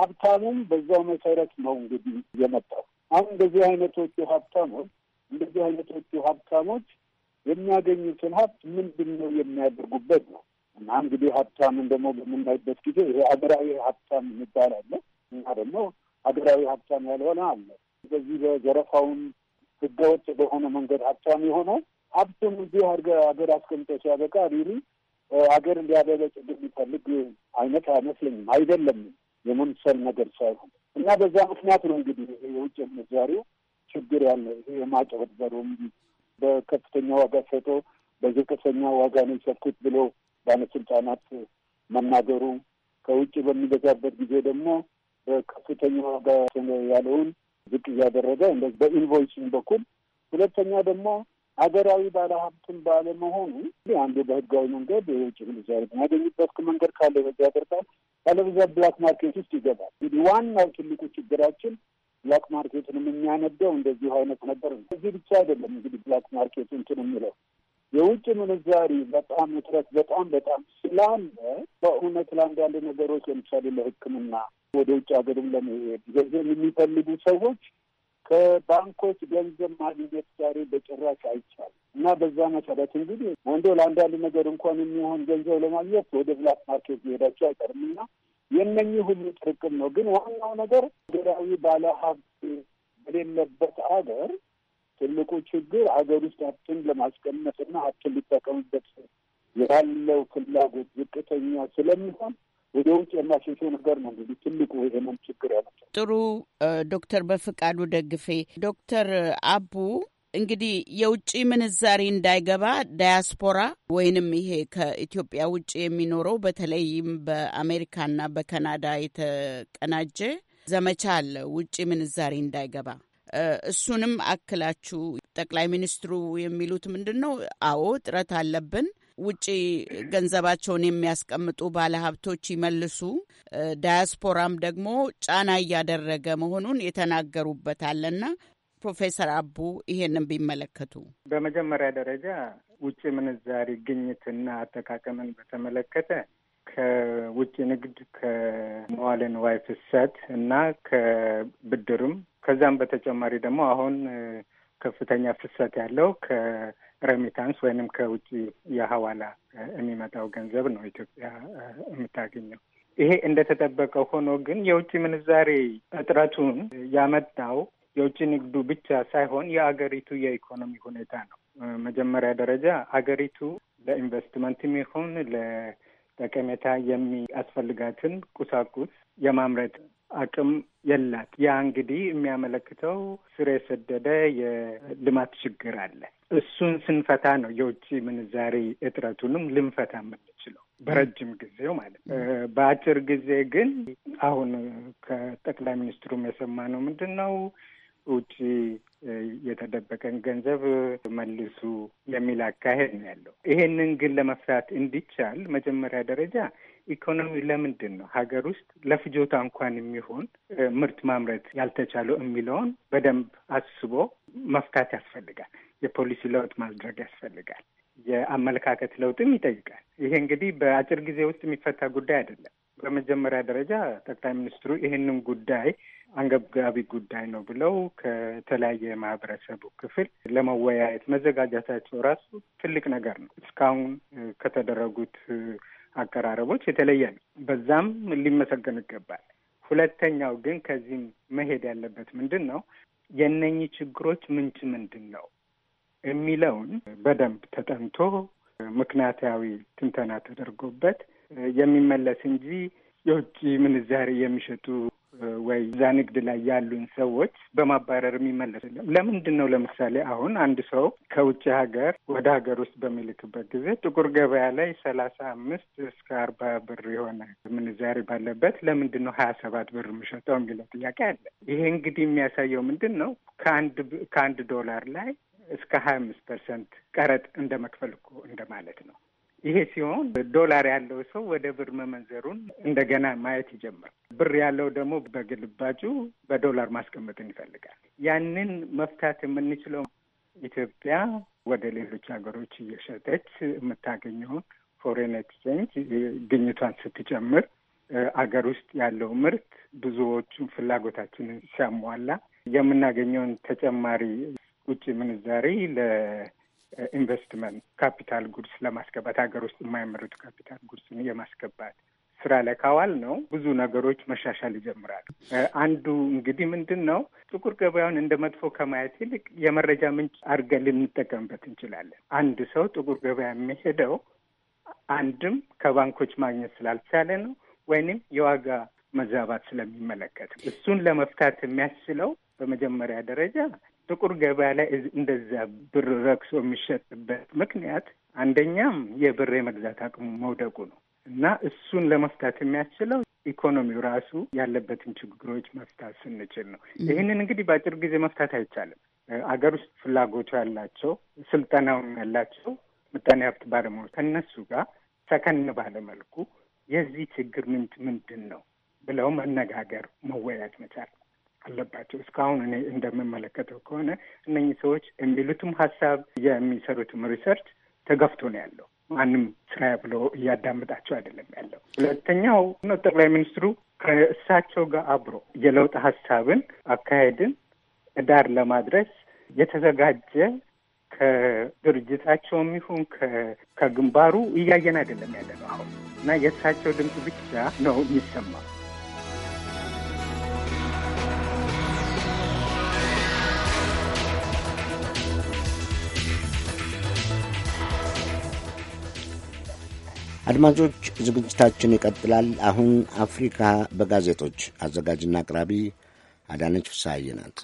Speaker 8: ሀብታሙም በዛው መሰረት ነው እንግዲህ የመጣው። አሁን እንደዚህ አይነቶቹ ሀብታሞች እንደዚህ አይነቶቹ ሀብታሞች የሚያገኙትን ሀብት ምንድን ነው የሚያደርጉበት ነው እና እንግዲህ ሀብታምን ደግሞ በምናይበት ጊዜ ይሄ ሀገራዊ ሀብታም የሚባል አለ እና ደግሞ ሀገራዊ ሀብታም ያልሆነ አለ። በዚህ በዘረፋውን ህገወጥ በሆነ መንገድ ሀብታም የሆነ ሀብቱን እዚህ ሀገር አስቀምጦ ሲያበቃ ሪሪ ሀገር ሊያበለጽ እንደሚፈልግ አይነት አይመስለኝም። አይደለም የመምሰል ነገር ሳይሆን እና በዛ ምክንያት ነው እንግዲህ የውጭ ምንዛሪው ችግር ያለ የማጭበርበሩም በከፍተኛ ዋጋ ሰጥቶ በዝቅተኛ ዋጋ ነው የሰጡት ብሎ ባለስልጣናት መናገሩ ከውጭ በሚገዛበት ጊዜ ደግሞ በከፍተኛ ዋጋ ያለውን ዝቅ እያደረገ በኢንቮይሲን በኩል ሁለተኛ ደግሞ ሀገራዊ ባለሀብትን ባለመሆኑ አንዱ በህጋዊ መንገድ የውጭ ምንዛሪ የሚያገኝበት መንገድ ካለ በዚ ያደርጋል፣ ካለበዚያ ብላክ ማርኬት ውስጥ ይገባል። እንግዲህ ዋናው ትልቁ ችግራችን ብላክ ማርኬቱን የሚያነደው እንደዚሁ አይነት ነበር። እዚህ ብቻ አይደለም እንግዲህ ብላክ ማርኬቱ እንትን የሚለው የውጭ ምንዛሪ በጣም እጥረት በጣም በጣም ስላለ በእውነት ለአንዳንድ ነገሮች ለምሳሌ ለሕክምና ወደ ውጭ ሀገርም ለመሄድ ገንዘብ የሚፈልጉ ሰዎች ከባንኮች ገንዘብ ማግኘት ዛሬ በጭራሽ አይቻልም እና በዛ መሰረት እንግዲህ ወንዶ ለአንዳንድ ነገር እንኳን የሚሆን ገንዘብ ለማግኘት ወደ ብላክ ማርኬት ሊሄዳቸው አይቀርም እና የእነኚህ ሁሉ ጥርቅም ነው። ግን ዋናው ነገር ሀገራዊ ባለሀብት በሌለበት ሀገር ትልቁ ችግር ሀገር ውስጥ ሀብትን ለማስቀመጥና ሀብትን ሊጠቀምበት ያለው ፍላጎት ዝቅተኛ ስለሚሆን ወደ ውጭ የማሸሸው ነገር ነው። እንግዲህ
Speaker 14: ትልቁ ይሄንን ችግር ያለ
Speaker 2: ጥሩ ዶክተር በፍቃዱ ደግፌ ዶክተር አቡ እንግዲህ የውጭ ምንዛሪ እንዳይገባ ዳያስፖራ ወይንም ይሄ ከኢትዮጵያ ውጭ የሚኖረው በተለይም በአሜሪካና በካናዳ የተቀናጀ ዘመቻ አለ ውጭ ምንዛሪ እንዳይገባ እሱንም አክላችሁ ጠቅላይ ሚኒስትሩ የሚሉት ምንድን ነው? አዎ ጥረት አለብን። ውጭ ገንዘባቸውን የሚያስቀምጡ ባለሀብቶች ይመልሱ፣ ዳያስፖራም ደግሞ ጫና እያደረገ መሆኑን የተናገሩበት ፕሮፌሰር አቡ ይሄንን ቢመለከቱ።
Speaker 13: በመጀመሪያ ደረጃ ውጭ ምንዛሪ ግኝትና አጠቃቀምን በተመለከተ ከውጭ ንግድ ከመዋለ ንዋይ ፍሰት እና ከብድርም ከዛም በተጨማሪ ደግሞ አሁን ከፍተኛ ፍሰት ያለው ከሬሚታንስ ወይንም ከውጭ የሀዋላ የሚመጣው ገንዘብ ነው ኢትዮጵያ የምታገኘው። ይሄ እንደተጠበቀ ሆኖ ግን የውጭ ምንዛሬ እጥረቱን ያመጣው የውጭ ንግዱ ብቻ ሳይሆን የአገሪቱ የኢኮኖሚ ሁኔታ ነው። መጀመሪያ ደረጃ አገሪቱ ለኢንቨስትመንትም ይሁን ለጠቀሜታ የሚያስፈልጋትን ቁሳቁስ የማምረት አቅም የላት። ያ እንግዲህ የሚያመለክተው ስር የሰደደ የልማት ችግር አለ። እሱን ስንፈታ ነው የውጭ ምንዛሪ እጥረቱንም ልንፈታ የምንችለው በረጅም ጊዜው ማለት ነው። በአጭር ጊዜ ግን አሁን ከጠቅላይ ሚኒስትሩም የሰማነው ምንድን ነው ውጭ የተደበቀን ገንዘብ መልሱ የሚል አካሄድ ነው ያለው። ይሄንን ግን ለመፍታት እንዲቻል መጀመሪያ ደረጃ ኢኮኖሚ ለምንድን ነው ሀገር ውስጥ ለፍጆታ እንኳን የሚሆን ምርት ማምረት ያልተቻለው የሚለውን በደንብ አስቦ መፍታት ያስፈልጋል። የፖሊሲ ለውጥ ማድረግ ያስፈልጋል። የአመለካከት ለውጥም ይጠይቃል። ይሄ እንግዲህ በአጭር ጊዜ ውስጥ የሚፈታ ጉዳይ አይደለም። በመጀመሪያ ደረጃ ጠቅላይ ሚኒስትሩ ይህንን ጉዳይ አንገብጋቢ ጉዳይ ነው ብለው ከተለያየ የማህበረሰቡ ክፍል ለመወያየት መዘጋጀታቸው ራሱ ትልቅ ነገር ነው። እስካሁን ከተደረጉት አቀራረቦች የተለየ ነው። በዛም ሊመሰገን ይገባል። ሁለተኛው ግን ከዚህም መሄድ ያለበት ምንድን ነው የእነኚህ ችግሮች ምንጭ ምንድን ነው የሚለውን በደንብ ተጠንቶ ምክንያታዊ ትንተና ተደርጎበት የሚመለስ እንጂ የውጭ ምንዛሪ የሚሸጡ ወይ እዛ ንግድ ላይ ያሉን ሰዎች በማባረር የሚመለስ ለምንድን ነው? ለምሳሌ አሁን አንድ ሰው ከውጭ ሀገር ወደ ሀገር ውስጥ በሚልክበት ጊዜ ጥቁር ገበያ ላይ ሰላሳ አምስት እስከ አርባ ብር የሆነ ምንዛሬ ባለበት ለምንድን ነው ሀያ ሰባት ብር የሚሸጠው የሚለው ጥያቄ አለ። ይሄ እንግዲህ የሚያሳየው ምንድን ነው? ከአንድ ከአንድ ዶላር ላይ እስከ ሀያ አምስት ፐርሰንት ቀረጥ እንደ መክፈል እኮ እንደማለት ነው። ይሄ ሲሆን ዶላር ያለው ሰው ወደ ብር መመንዘሩን እንደገና ማየት ይጀምራል። ብር ያለው ደግሞ በግልባጩ በዶላር ማስቀመጥን ይፈልጋል። ያንን መፍታት የምንችለው ኢትዮጵያ ወደ ሌሎች ሀገሮች እየሸጠች የምታገኘውን ፎሬን ኤክስቼንጅ ግኝቷን ስትጨምር አገር ውስጥ ያለው ምርት ብዙዎቹን ፍላጎታችንን ሲያሟላ የምናገኘውን ተጨማሪ ውጭ ምንዛሬ ኢንቨስትመንት ካፒታል ጉድስ ለማስገባት ሀገር ውስጥ የማይመረቱ ካፒታል ጉድስን የማስገባት ስራ ላይ ካዋል ነው ብዙ ነገሮች መሻሻል ይጀምራሉ። አንዱ እንግዲህ ምንድን ነው ጥቁር ገበያውን እንደ መጥፎ ከማየት ይልቅ የመረጃ ምንጭ አድርገን ልንጠቀምበት እንችላለን። አንድ ሰው ጥቁር ገበያ የሚሄደው አንድም ከባንኮች ማግኘት ስላልቻለ ነው ወይንም የዋጋ መዛባት ስለሚመለከት እሱን ለመፍታት የሚያስችለው በመጀመሪያ ደረጃ ጥቁር ገበያ ላይ እንደዛ ብር ረክሶ የሚሸጥበት ምክንያት አንደኛም የብር የመግዛት አቅሙ መውደቁ ነው እና እሱን ለመፍታት የሚያስችለው ኢኮኖሚው ራሱ ያለበትን ችግሮች መፍታት ስንችል ነው። ይህንን እንግዲህ በአጭር ጊዜ መፍታት አይቻልም። አገር ውስጥ ፍላጎቱ ያላቸው ስልጠናውም ያላቸው ምጣኔ ሀብት ባለሙያዎች ከነሱ ጋር ሰከን ባለመልኩ የዚህ ችግር ምንጭ ምንድን ነው ብለው መነጋገር መወያየት መቻል አለባቸው። እስካሁን እኔ እንደምመለከተው ከሆነ እነኚህ ሰዎች የሚሉትም ሀሳብ የሚሰሩትም ሪሰርች ተገፍቶ ነው ያለው። ማንም ስራ ብሎ እያዳምጣቸው አይደለም ያለው። ሁለተኛው ነው ጠቅላይ ሚኒስትሩ ከእሳቸው ጋር አብሮ የለውጥ ሀሳብን አካሄድን እዳር ለማድረስ የተዘጋጀ ከድርጅታቸውም ይሁን ከግንባሩ እያየን አይደለም ያለ ነው አሁን እና የእሳቸው ድምፅ ብቻ ነው የሚሰማው።
Speaker 5: አድማጮች፣ ዝግጅታችን ይቀጥላል። አሁን አፍሪካ በጋዜጦች አዘጋጅና አቅራቢ አዳነች ፍስሐዬ ናት።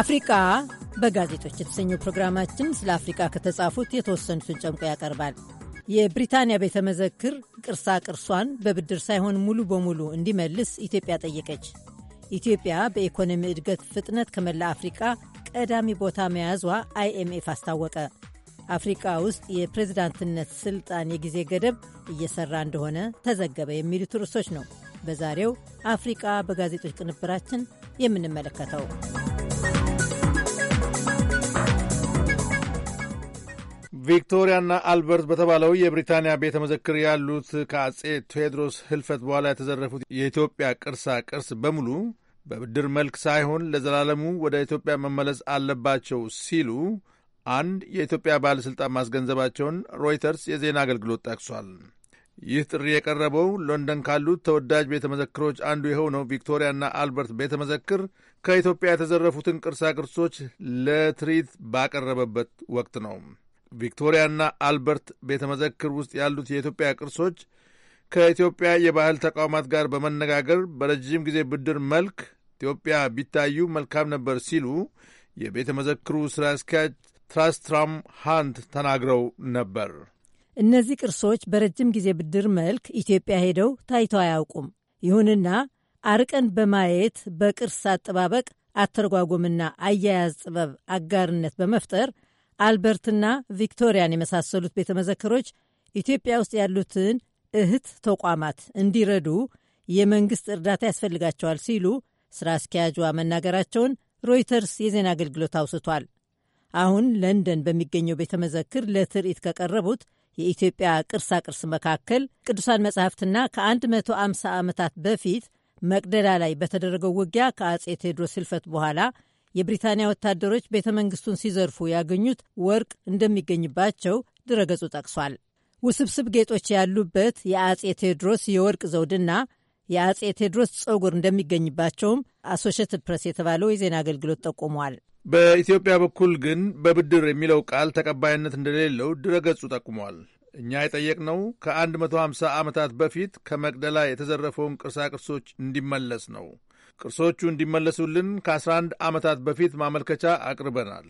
Speaker 6: አፍሪቃ በጋዜጦች የተሰኘው ፕሮግራማችን ስለ አፍሪቃ ከተጻፉት የተወሰኑትን ጨምቆ ያቀርባል። የብሪታንያ ቤተ መዘክር ቅርሳ ቅርሷን በብድር ሳይሆን ሙሉ በሙሉ እንዲመልስ ኢትዮጵያ ጠየቀች። ኢትዮጵያ በኢኮኖሚ እድገት ፍጥነት ከመላ አፍሪቃ ቀዳሚ ቦታ መያዟ አይኤምኤፍ አስታወቀ። አፍሪቃ ውስጥ የፕሬዝዳንትነት ስልጣን የጊዜ ገደብ እየሰራ እንደሆነ ተዘገበ። የሚሉት ርዕሶች ነው በዛሬው አፍሪቃ በጋዜጦች ቅንብራችን የምንመለከተው።
Speaker 12: ቪክቶሪያና አልበርት በተባለው የብሪታንያ ቤተ መዘክር ያሉት ከአጼ ቴዎድሮስ ሕልፈት በኋላ የተዘረፉት የኢትዮጵያ ቅርሳ ቅርስ በሙሉ በብድር መልክ ሳይሆን ለዘላለሙ ወደ ኢትዮጵያ መመለስ አለባቸው ሲሉ አንድ የኢትዮጵያ ባለሥልጣን ማስገንዘባቸውን ሮይተርስ የዜና አገልግሎት ጠቅሷል። ይህ ጥሪ የቀረበው ሎንደን ካሉት ተወዳጅ ቤተ መዘክሮች አንዱ የሆነው ቪክቶሪያና አልበርት ቤተ መዘክር ከኢትዮጵያ የተዘረፉትን ቅርሳ ቅርሶች ለትርኢት ባቀረበበት ወቅት ነው። ቪክቶሪያና አልበርት ቤተ መዘክር ውስጥ ያሉት የኢትዮጵያ ቅርሶች ከኢትዮጵያ የባህል ተቋማት ጋር በመነጋገር በረጅም ጊዜ ብድር መልክ ኢትዮጵያ ቢታዩ መልካም ነበር ሲሉ የቤተ መዘክሩ ሥራ አስኪያጅ ትራስትራም ሃንት ተናግረው ነበር።
Speaker 6: እነዚህ ቅርሶች በረጅም ጊዜ ብድር መልክ ኢትዮጵያ ሄደው ታይተው አያውቁም። ይሁንና አርቀን በማየት በቅርስ አጠባበቅ አተረጓጎምና አያያዝ ጥበብ አጋርነት በመፍጠር አልበርትና ቪክቶሪያን የመሳሰሉት ቤተ መዘክሮች ኢትዮጵያ ውስጥ ያሉትን እህት ተቋማት እንዲረዱ የመንግሥት እርዳታ ያስፈልጋቸዋል ሲሉ ስራ አስኪያጇ መናገራቸውን ሮይተርስ የዜና አገልግሎት አውስቷል። አሁን ለንደን በሚገኘው ቤተ መዘክር ለትርኢት ከቀረቡት የኢትዮጵያ ቅርሳ ቅርስ መካከል ቅዱሳን መጻሕፍትና ከ150 ዓመታት በፊት መቅደላ ላይ በተደረገው ውጊያ ከአጼ ቴዎድሮስ ህልፈት በኋላ የብሪታንያ ወታደሮች ቤተ መንግስቱን ሲዘርፉ ያገኙት ወርቅ እንደሚገኝባቸው ድረገጹ ጠቅሷል። ውስብስብ ጌጦች ያሉበት የአጼ ቴዎድሮስ የወርቅ ዘውድና የአጼ ቴዎድሮስ ጸጉር እንደሚገኝባቸውም አሶሽትድ ፕሬስ የተባለው የዜና አገልግሎት ጠቁሟል።
Speaker 12: በኢትዮጵያ በኩል ግን በብድር የሚለው ቃል ተቀባይነት እንደሌለው ድረገጹ ጠቁሟል። እኛ የጠየቅነው ከ150 ዓመታት በፊት ከመቅደላ የተዘረፈውን ቅርሳቅርሶች እንዲመለስ ነው። ቅርሶቹ እንዲመለሱልን ከ11 ዓመታት በፊት ማመልከቻ አቅርበናል።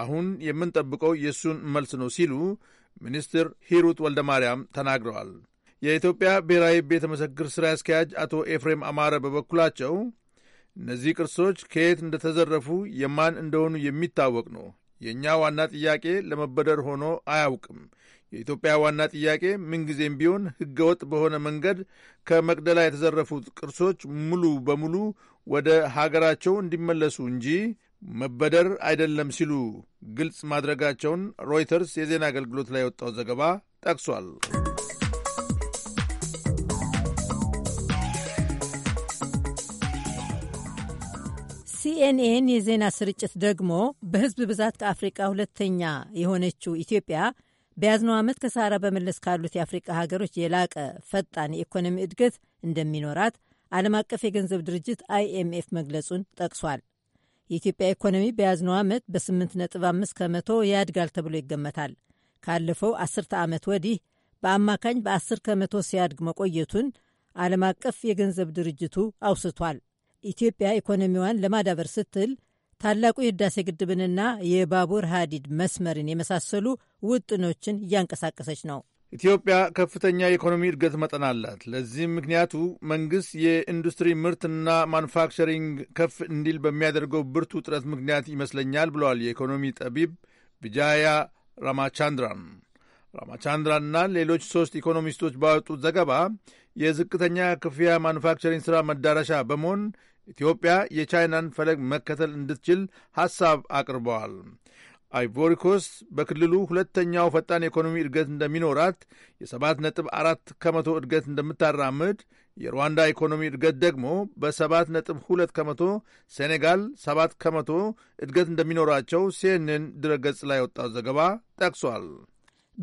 Speaker 12: አሁን የምንጠብቀው የእሱን መልስ ነው ሲሉ ሚኒስትር ሂሩት ወልደ ማርያም ተናግረዋል። የኢትዮጵያ ብሔራዊ ቤተ መዘክር ሥራ አስኪያጅ አቶ ኤፍሬም አማረ በበኩላቸው እነዚህ ቅርሶች ከየት እንደተዘረፉ የማን እንደሆኑ የሚታወቅ ነው። የእኛ ዋና ጥያቄ ለመበደር ሆኖ አያውቅም። የኢትዮጵያ ዋና ጥያቄ ምንጊዜም ቢሆን ሕገወጥ በሆነ መንገድ ከመቅደላ የተዘረፉት ቅርሶች ሙሉ በሙሉ ወደ ሀገራቸው እንዲመለሱ እንጂ መበደር አይደለም ሲሉ ግልጽ ማድረጋቸውን ሮይተርስ የዜና አገልግሎት ላይ የወጣው ዘገባ ጠቅሷል።
Speaker 6: ሲኤንኤን የዜና ስርጭት ደግሞ በህዝብ ብዛት ከአፍሪቃ ሁለተኛ የሆነችው ኢትዮጵያ በያዝነው ዓመት ከሳራ በመለስ ካሉት የአፍሪቃ ሀገሮች የላቀ ፈጣን የኢኮኖሚ እድገት እንደሚኖራት ዓለም አቀፍ የገንዘብ ድርጅት አይኤምኤፍ መግለጹን ጠቅሷል። የኢትዮጵያ ኢኮኖሚ በያዝነው ዓመት በ 5 ከመቶ ያድጋል ተብሎ ይገመታል። ካለፈው አስርተ ዓመት ወዲህ በአማካኝ በ10 ከመቶ ሲያድግ መቆየቱን ዓለም አቀፍ የገንዘብ ድርጅቱ አውስቷል። ኢትዮጵያ ኢኮኖሚዋን ለማዳበር ስትል ታላቁ የህዳሴ ግድብንና የባቡር ሀዲድ መስመርን የመሳሰሉ ውጥኖችን እያንቀሳቀሰች
Speaker 12: ነው። ኢትዮጵያ ከፍተኛ የኢኮኖሚ እድገት መጠን አላት። ለዚህም ምክንያቱ መንግሥት የኢንዱስትሪ ምርትና ማኑፋክቸሪንግ ከፍ እንዲል በሚያደርገው ብርቱ ጥረት ምክንያት ይመስለኛል ብለዋል የኢኮኖሚ ጠቢብ ቢጃያ ራማቻንድራን። ራማቻንድራንና ሌሎች ሦስት ኢኮኖሚስቶች ባወጡት ዘገባ የዝቅተኛ ክፍያ ማኑፋክቸሪንግ ሥራ መዳረሻ በመሆን ኢትዮጵያ የቻይናን ፈለግ መከተል እንድትችል ሐሳብ አቅርበዋል። አይቮሪኮስ በክልሉ ሁለተኛው ፈጣን የኢኮኖሚ እድገት እንደሚኖራት፣ የሰባት ነጥብ አራት ከመቶ እድገት እንደምታራምድ የሩዋንዳ ኢኮኖሚ እድገት ደግሞ በሰባት ነጥብ ሁለት ከመቶ፣ ሴኔጋል ሰባት ከመቶ እድገት እንደሚኖራቸው ሲኤንኤን ድረገጽ ላይ ወጣው ዘገባ ጠቅሷል።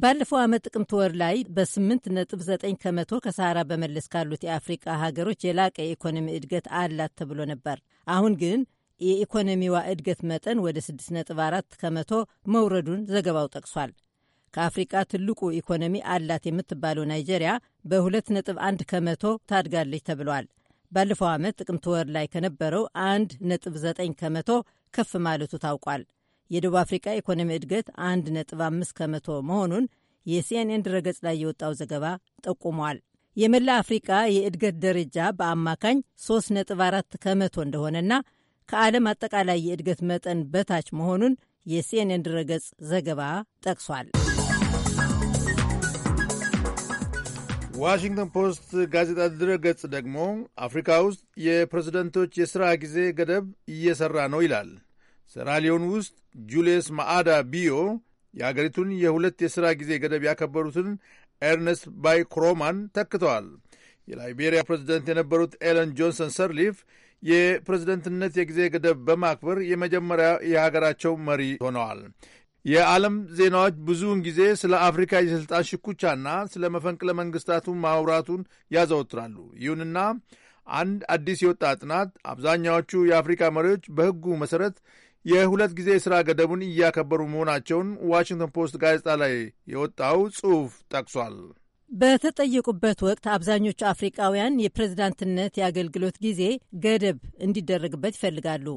Speaker 6: ባለፈው ዓመት ጥቅምት ወር ላይ በ8.9 ከመቶ ከሰሃራ በመለስ ካሉት የአፍሪቃ ሀገሮች የላቀ የኢኮኖሚ እድገት አላት ተብሎ ነበር። አሁን ግን የኢኮኖሚዋ እድገት መጠን ወደ 6.4 ከመቶ መውረዱን ዘገባው ጠቅሷል። ከአፍሪቃ ትልቁ ኢኮኖሚ አላት የምትባለው ናይጄሪያ በ2.1 ከመቶ ታድጋለች ተብሏል። ባለፈው ዓመት ጥቅምት ወር ላይ ከነበረው 1.9 ከመቶ ከፍ ማለቱ ታውቋል። የደቡብ አፍሪካ ኢኮኖሚ እድገት 1.5 ከመቶ መሆኑን የሲኤንኤን ድረገጽ ላይ የወጣው ዘገባ ጠቁሟል። የመላ አፍሪቃ የእድገት ደረጃ በአማካኝ 3.4 ከመቶ እንደሆነና ከዓለም አጠቃላይ የእድገት መጠን በታች መሆኑን የሲኤንኤን ድረገጽ ዘገባ ጠቅሷል።
Speaker 12: ዋሽንግተን ፖስት ጋዜጣ ድረገጽ ደግሞ አፍሪካ ውስጥ የፕሬዝደንቶች የሥራ ጊዜ ገደብ እየሠራ ነው ይላል። ሰራሊዮን ውስጥ ጁልየስ ማአዳ ቢዮ የአገሪቱን የሁለት የሥራ ጊዜ ገደብ ያከበሩትን ኤርነስት ባይ ክሮማን ተክተዋል። የላይቤሪያ ፕሬዝደንት የነበሩት ኤለን ጆንሰን ሰርሊፍ የፕሬዝደንትነት የጊዜ ገደብ በማክበር የመጀመሪያ የሀገራቸው መሪ ሆነዋል። የዓለም ዜናዎች ብዙውን ጊዜ ስለ አፍሪካ የሥልጣን ሽኩቻና ስለ መፈንቅለ መንግሥታቱ ማውራቱን ያዘወትራሉ። ይሁንና አንድ አዲስ የወጣ ጥናት አብዛኛዎቹ የአፍሪካ መሪዎች በሕጉ መሠረት የሁለት ጊዜ የሥራ ገደቡን እያከበሩ መሆናቸውን ዋሽንግተን ፖስት ጋዜጣ ላይ የወጣው ጽሑፍ ጠቅሷል።
Speaker 6: በተጠየቁበት ወቅት አብዛኞቹ አፍሪቃውያን የፕሬዝዳንትነት የአገልግሎት ጊዜ ገደብ እንዲደረግበት ይፈልጋሉ።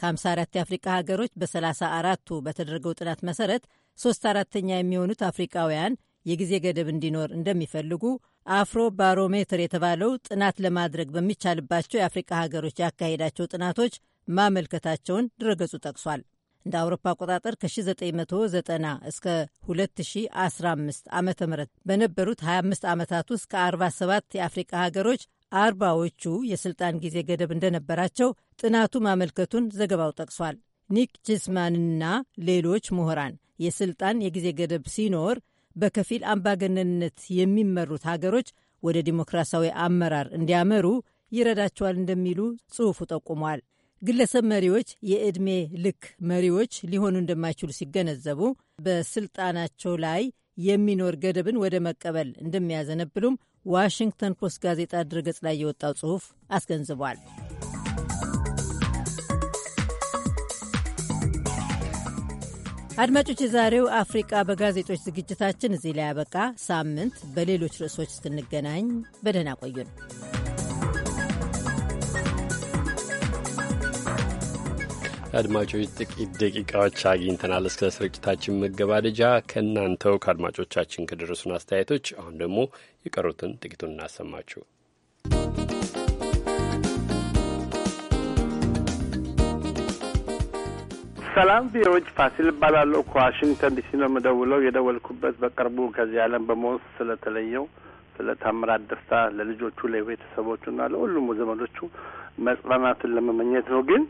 Speaker 6: ከ54 የአፍሪቃ ሀገሮች በ34ቱ በተደረገው ጥናት መሰረት ሶስት አራተኛ የሚሆኑት አፍሪቃውያን የጊዜ ገደብ እንዲኖር እንደሚፈልጉ አፍሮ ባሮሜትር የተባለው ጥናት ለማድረግ በሚቻልባቸው የአፍሪቃ ሀገሮች ያካሄዳቸው ጥናቶች ማመልከታቸውን ድረገጹ ጠቅሷል። እንደ አውሮፓ አቆጣጠር ከ1990 እስከ 2015 ዓ ም በነበሩት 25 ዓመታት ውስጥ ከ47 የአፍሪቃ ሀገሮች አርባዎቹ የሥልጣን ጊዜ ገደብ እንደነበራቸው ጥናቱ ማመልከቱን ዘገባው ጠቅሷል። ኒክ ጅስማንና ሌሎች ምሁራን የሥልጣን የጊዜ ገደብ ሲኖር በከፊል አምባገነንነት የሚመሩት ሀገሮች ወደ ዲሞክራሲያዊ አመራር እንዲያመሩ ይረዳቸዋል እንደሚሉ ጽሑፉ ጠቁሟል። ግለሰብ መሪዎች የዕድሜ ልክ መሪዎች ሊሆኑ እንደማይችሉ ሲገነዘቡ በስልጣናቸው ላይ የሚኖር ገደብን ወደ መቀበል እንደሚያዘነብሉም ዋሽንግተን ፖስት ጋዜጣ ድረገጽ ላይ የወጣው ጽሑፍ አስገንዝቧል። አድማጮች፣ የዛሬው አፍሪቃ በጋዜጦች ዝግጅታችን እዚህ ላይ ያበቃ። ሳምንት በሌሎች ርዕሶች እስክንገናኝ በደህና ቆዩን።
Speaker 1: አድማጮች ጥቂት ደቂቃዎች አግኝተናል እስከ ስርጭታችን መገባደጃ። ከእናንተው ከአድማጮቻችን ከደረሱን አስተያየቶች አሁን ደግሞ የቀሩትን ጥቂቱን እናሰማችሁ።
Speaker 11: ሰላም ቪዎች ፋሲል እባላለሁ። ከዋሽንግተን ዲሲ ነው የምደውለው። የደወልኩበት በቅርቡ ከዚህ ዓለም በሞት ስለተለየው ስለ ታምራት ደስታ ለልጆቹ ለቤተሰቦቹና ለሁሉም ዘመዶቹ መጽናናትን ለመመኘት ነው። ግን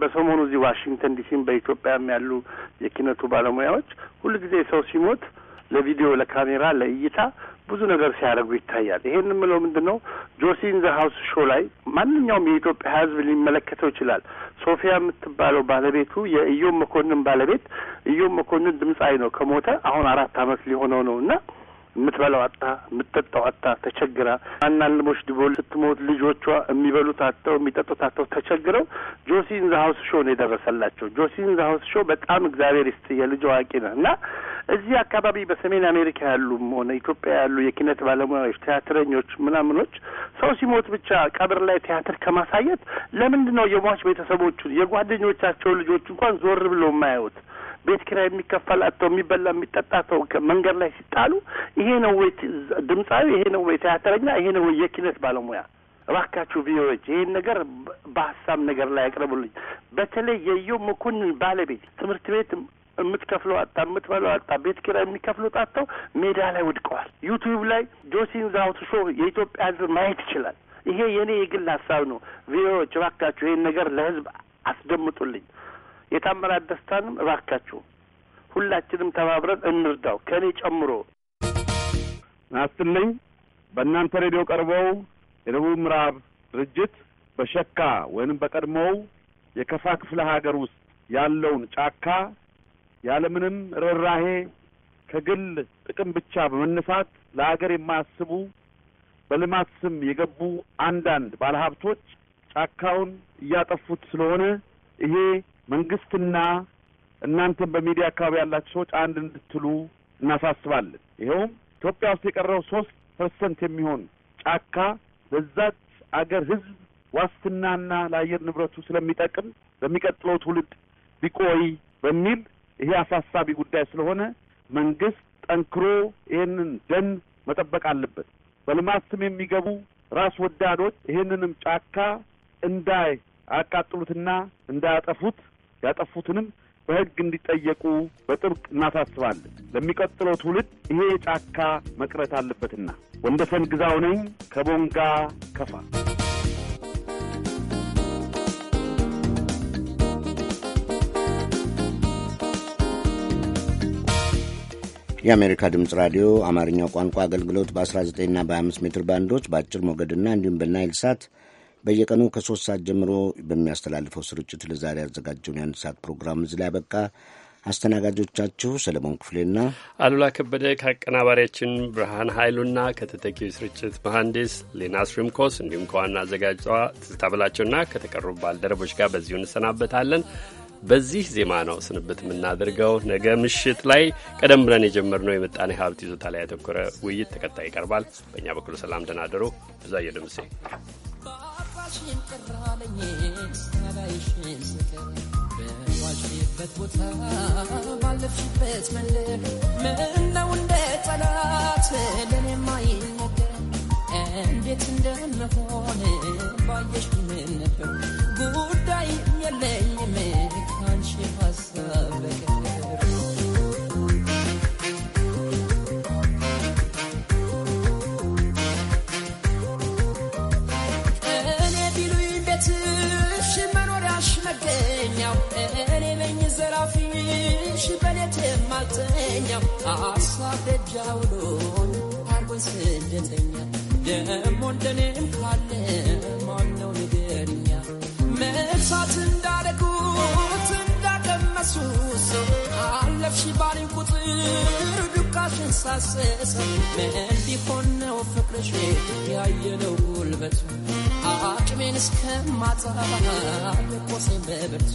Speaker 11: በሰሞኑ እዚህ ዋሽንግተን ዲሲም በኢትዮጵያም ያሉ የኪነቱ ባለሙያዎች ሁሉ ጊዜ ሰው ሲሞት ለቪዲዮ፣ ለካሜራ፣ ለእይታ ብዙ ነገር ሲያደርጉ ይታያል። ይሄን የምለው ምንድን ነው ጆሲ ዘ ሀውስ ሾው ላይ ማንኛውም የኢትዮጵያ ሕዝብ ሊመለከተው ይችላል። ሶፊያ የምትባለው ባለቤቱ የእዮም መኮንን ባለቤት እዮም መኮንን ድምጻዊ ነው። ከሞተ አሁን አራት ዓመት ሊሆነው ነው እና የምትበላው አጣ፣ የምትጠጣው አጣ፣ ተቸግራ አና አናልሞች ድቦል ስትሞት ልጆቿ የሚበሉት አጥተው የሚጠጡት አጥተው ተቸግረው ጆሲን ዘ ሀውስ ሾ ነው የደረሰላቸው። ጆሲን ዘ ሀውስ ሾ በጣም እግዚአብሔር ይስጥ የልጅ አዋቂ ነው እና እዚህ አካባቢ በሰሜን አሜሪካ ያሉም ሆነ ኢትዮጵያ ያሉ የኪነት ባለሙያዎች፣ ቲያትረኞች፣ ምናምኖች ሰው ሲሞት ብቻ ቀብር ላይ ቲያትር ከማሳየት ለምንድን ነው የሟች ቤተሰቦቹን የጓደኞቻቸው ልጆች እንኳን ዞር ብሎ የማያዩት? ቤት ኪራይ የሚከፈላቸው የሚበላ የሚጠጣ ሰው መንገድ ላይ ሲጣሉ ይሄ ነው ወይ ድምፃዊ? ይሄ ነው ወይ ቲያትረኛ? ይሄ ነው ወይ የኪነት ባለሙያ? እባካችሁ ቪዮዎች ይህን ነገር በሀሳብ ነገር ላይ ያቅርቡልኝ። በተለይ የየው መኮንን ባለቤት ትምህርት ቤት የምትከፍለው አጣ፣ የምትበለው አጣ፣ ቤት ኪራይ የሚከፍሉት አጥተው ሜዳ ላይ ወድቀዋል። ዩቲዩብ ላይ ጆሲን ዛውት ሾ የኢትዮጵያ ሕዝብ ማየት ይችላል። ይሄ የእኔ የግል ሀሳብ ነው። ቪዮዎች እባካችሁ ይህን ነገር ለሕዝብ አስደምጡልኝ። የታምራት ደስታንም እባካችሁ ሁላችንም ተባብረን እንርዳው፣ ከእኔ ጨምሮ። ናስትልኝ በእናንተ ሬዲዮ ቀርበው የደቡብ ምዕራብ
Speaker 15: ድርጅት በሸካ ወይንም በቀድሞው የከፋ ክፍለ ሀገር ውስጥ ያለውን ጫካ ያለምንም ርኅራሄ ከግል ጥቅም ብቻ በመነሳት ለሀገር የማያስቡ በልማት ስም የገቡ አንዳንድ ባለሀብቶች ጫካውን እያጠፉት ስለሆነ ይሄ መንግስትና እናንተ በሚዲያ አካባቢ ያላችሁ ሰዎች አንድ እንድትሉ እናሳስባለን። ይኸውም ኢትዮጵያ ውስጥ የቀረው ሶስት ፐርሰንት የሚሆን ጫካ በዛት አገር ህዝብ ዋስትናና ለአየር ንብረቱ ስለሚጠቅም በሚቀጥለው ትውልድ ቢቆይ በሚል ይሄ አሳሳቢ ጉዳይ ስለሆነ መንግስት ጠንክሮ ይህንን ደን መጠበቅ አለበት። በልማት ስም የሚገቡ ራስ ወዳዶች ይህንንም ጫካ እንዳይ አቃጥሉትና እንዳያጠፉት ያጠፉትንም በሕግ እንዲጠየቁ በጥብቅ እናሳስባለን። ለሚቀጥለው ትውልድ ይሄ ጫካ መቅረት አለበትና። ወንደሰን ግዛው ነኝ ከቦንጋ ከፋ።
Speaker 5: የአሜሪካ ድምፅ ራዲዮ አማርኛው ቋንቋ አገልግሎት በ19ና በ 5 ሜትር ባንዶች በአጭር ሞገድና እንዲሁም በናይል ሳት በየቀኑ ከሶስት ሰዓት ጀምሮ በሚያስተላልፈው ስርጭት ለዛሬ ያዘጋጀውን የአንድ ሰዓት ፕሮግራም እዚህ ላይ ያበቃ። አስተናጋጆቻችሁ ሰለሞን ክፍሌና
Speaker 1: አሉላ ከበደ ከአቀናባሪያችን ብርሃን ኃይሉና ከተተኪው ስርጭት መሐንዲስ ሌና ስሪምኮስ እንዲሁም ከዋና አዘጋጇ ትዝታ በላቸውና ከተቀሩ ባልደረቦች ጋር በዚሁ እንሰናበታለን። በዚህ ዜማ ነው ስንብት የምናደርገው። ነገ ምሽት ላይ ቀደም ብለን የጀመርነው የምጣኔ ሀብት ይዞታ ላይ ያተኮረ ውይይት ተከታይ ይቀርባል። በእኛ በኩል ሰላም ደህና ደሩ ብዛየ ደምሴ
Speaker 7: አበባሽን ቦታ
Speaker 6: ባለፍሽበት መንደር ምነው እንደ ጠላት
Speaker 7: ለኔ እንዴት እንደምሆን ባየሽ ምን ነበር ጉዳይ የለኝም ጓደኛው አሳብ ደጃው ሎኝ አርጎኝ ስደተኛ ደሞ እንደኔም ካለ ማነው
Speaker 2: ንገርኛ
Speaker 7: መርሳት እንዳደረጉት እንዳቀመሱ ሰው አለፍሽ ባልኝ ቁጥር ዱካሽን ሳሰሰው
Speaker 6: እንዲሆን ነው ፍቅርሽ ያየለው ጉልበቱ
Speaker 7: አቅሜን እስከማጣ
Speaker 6: ደቆሴ በብርቱ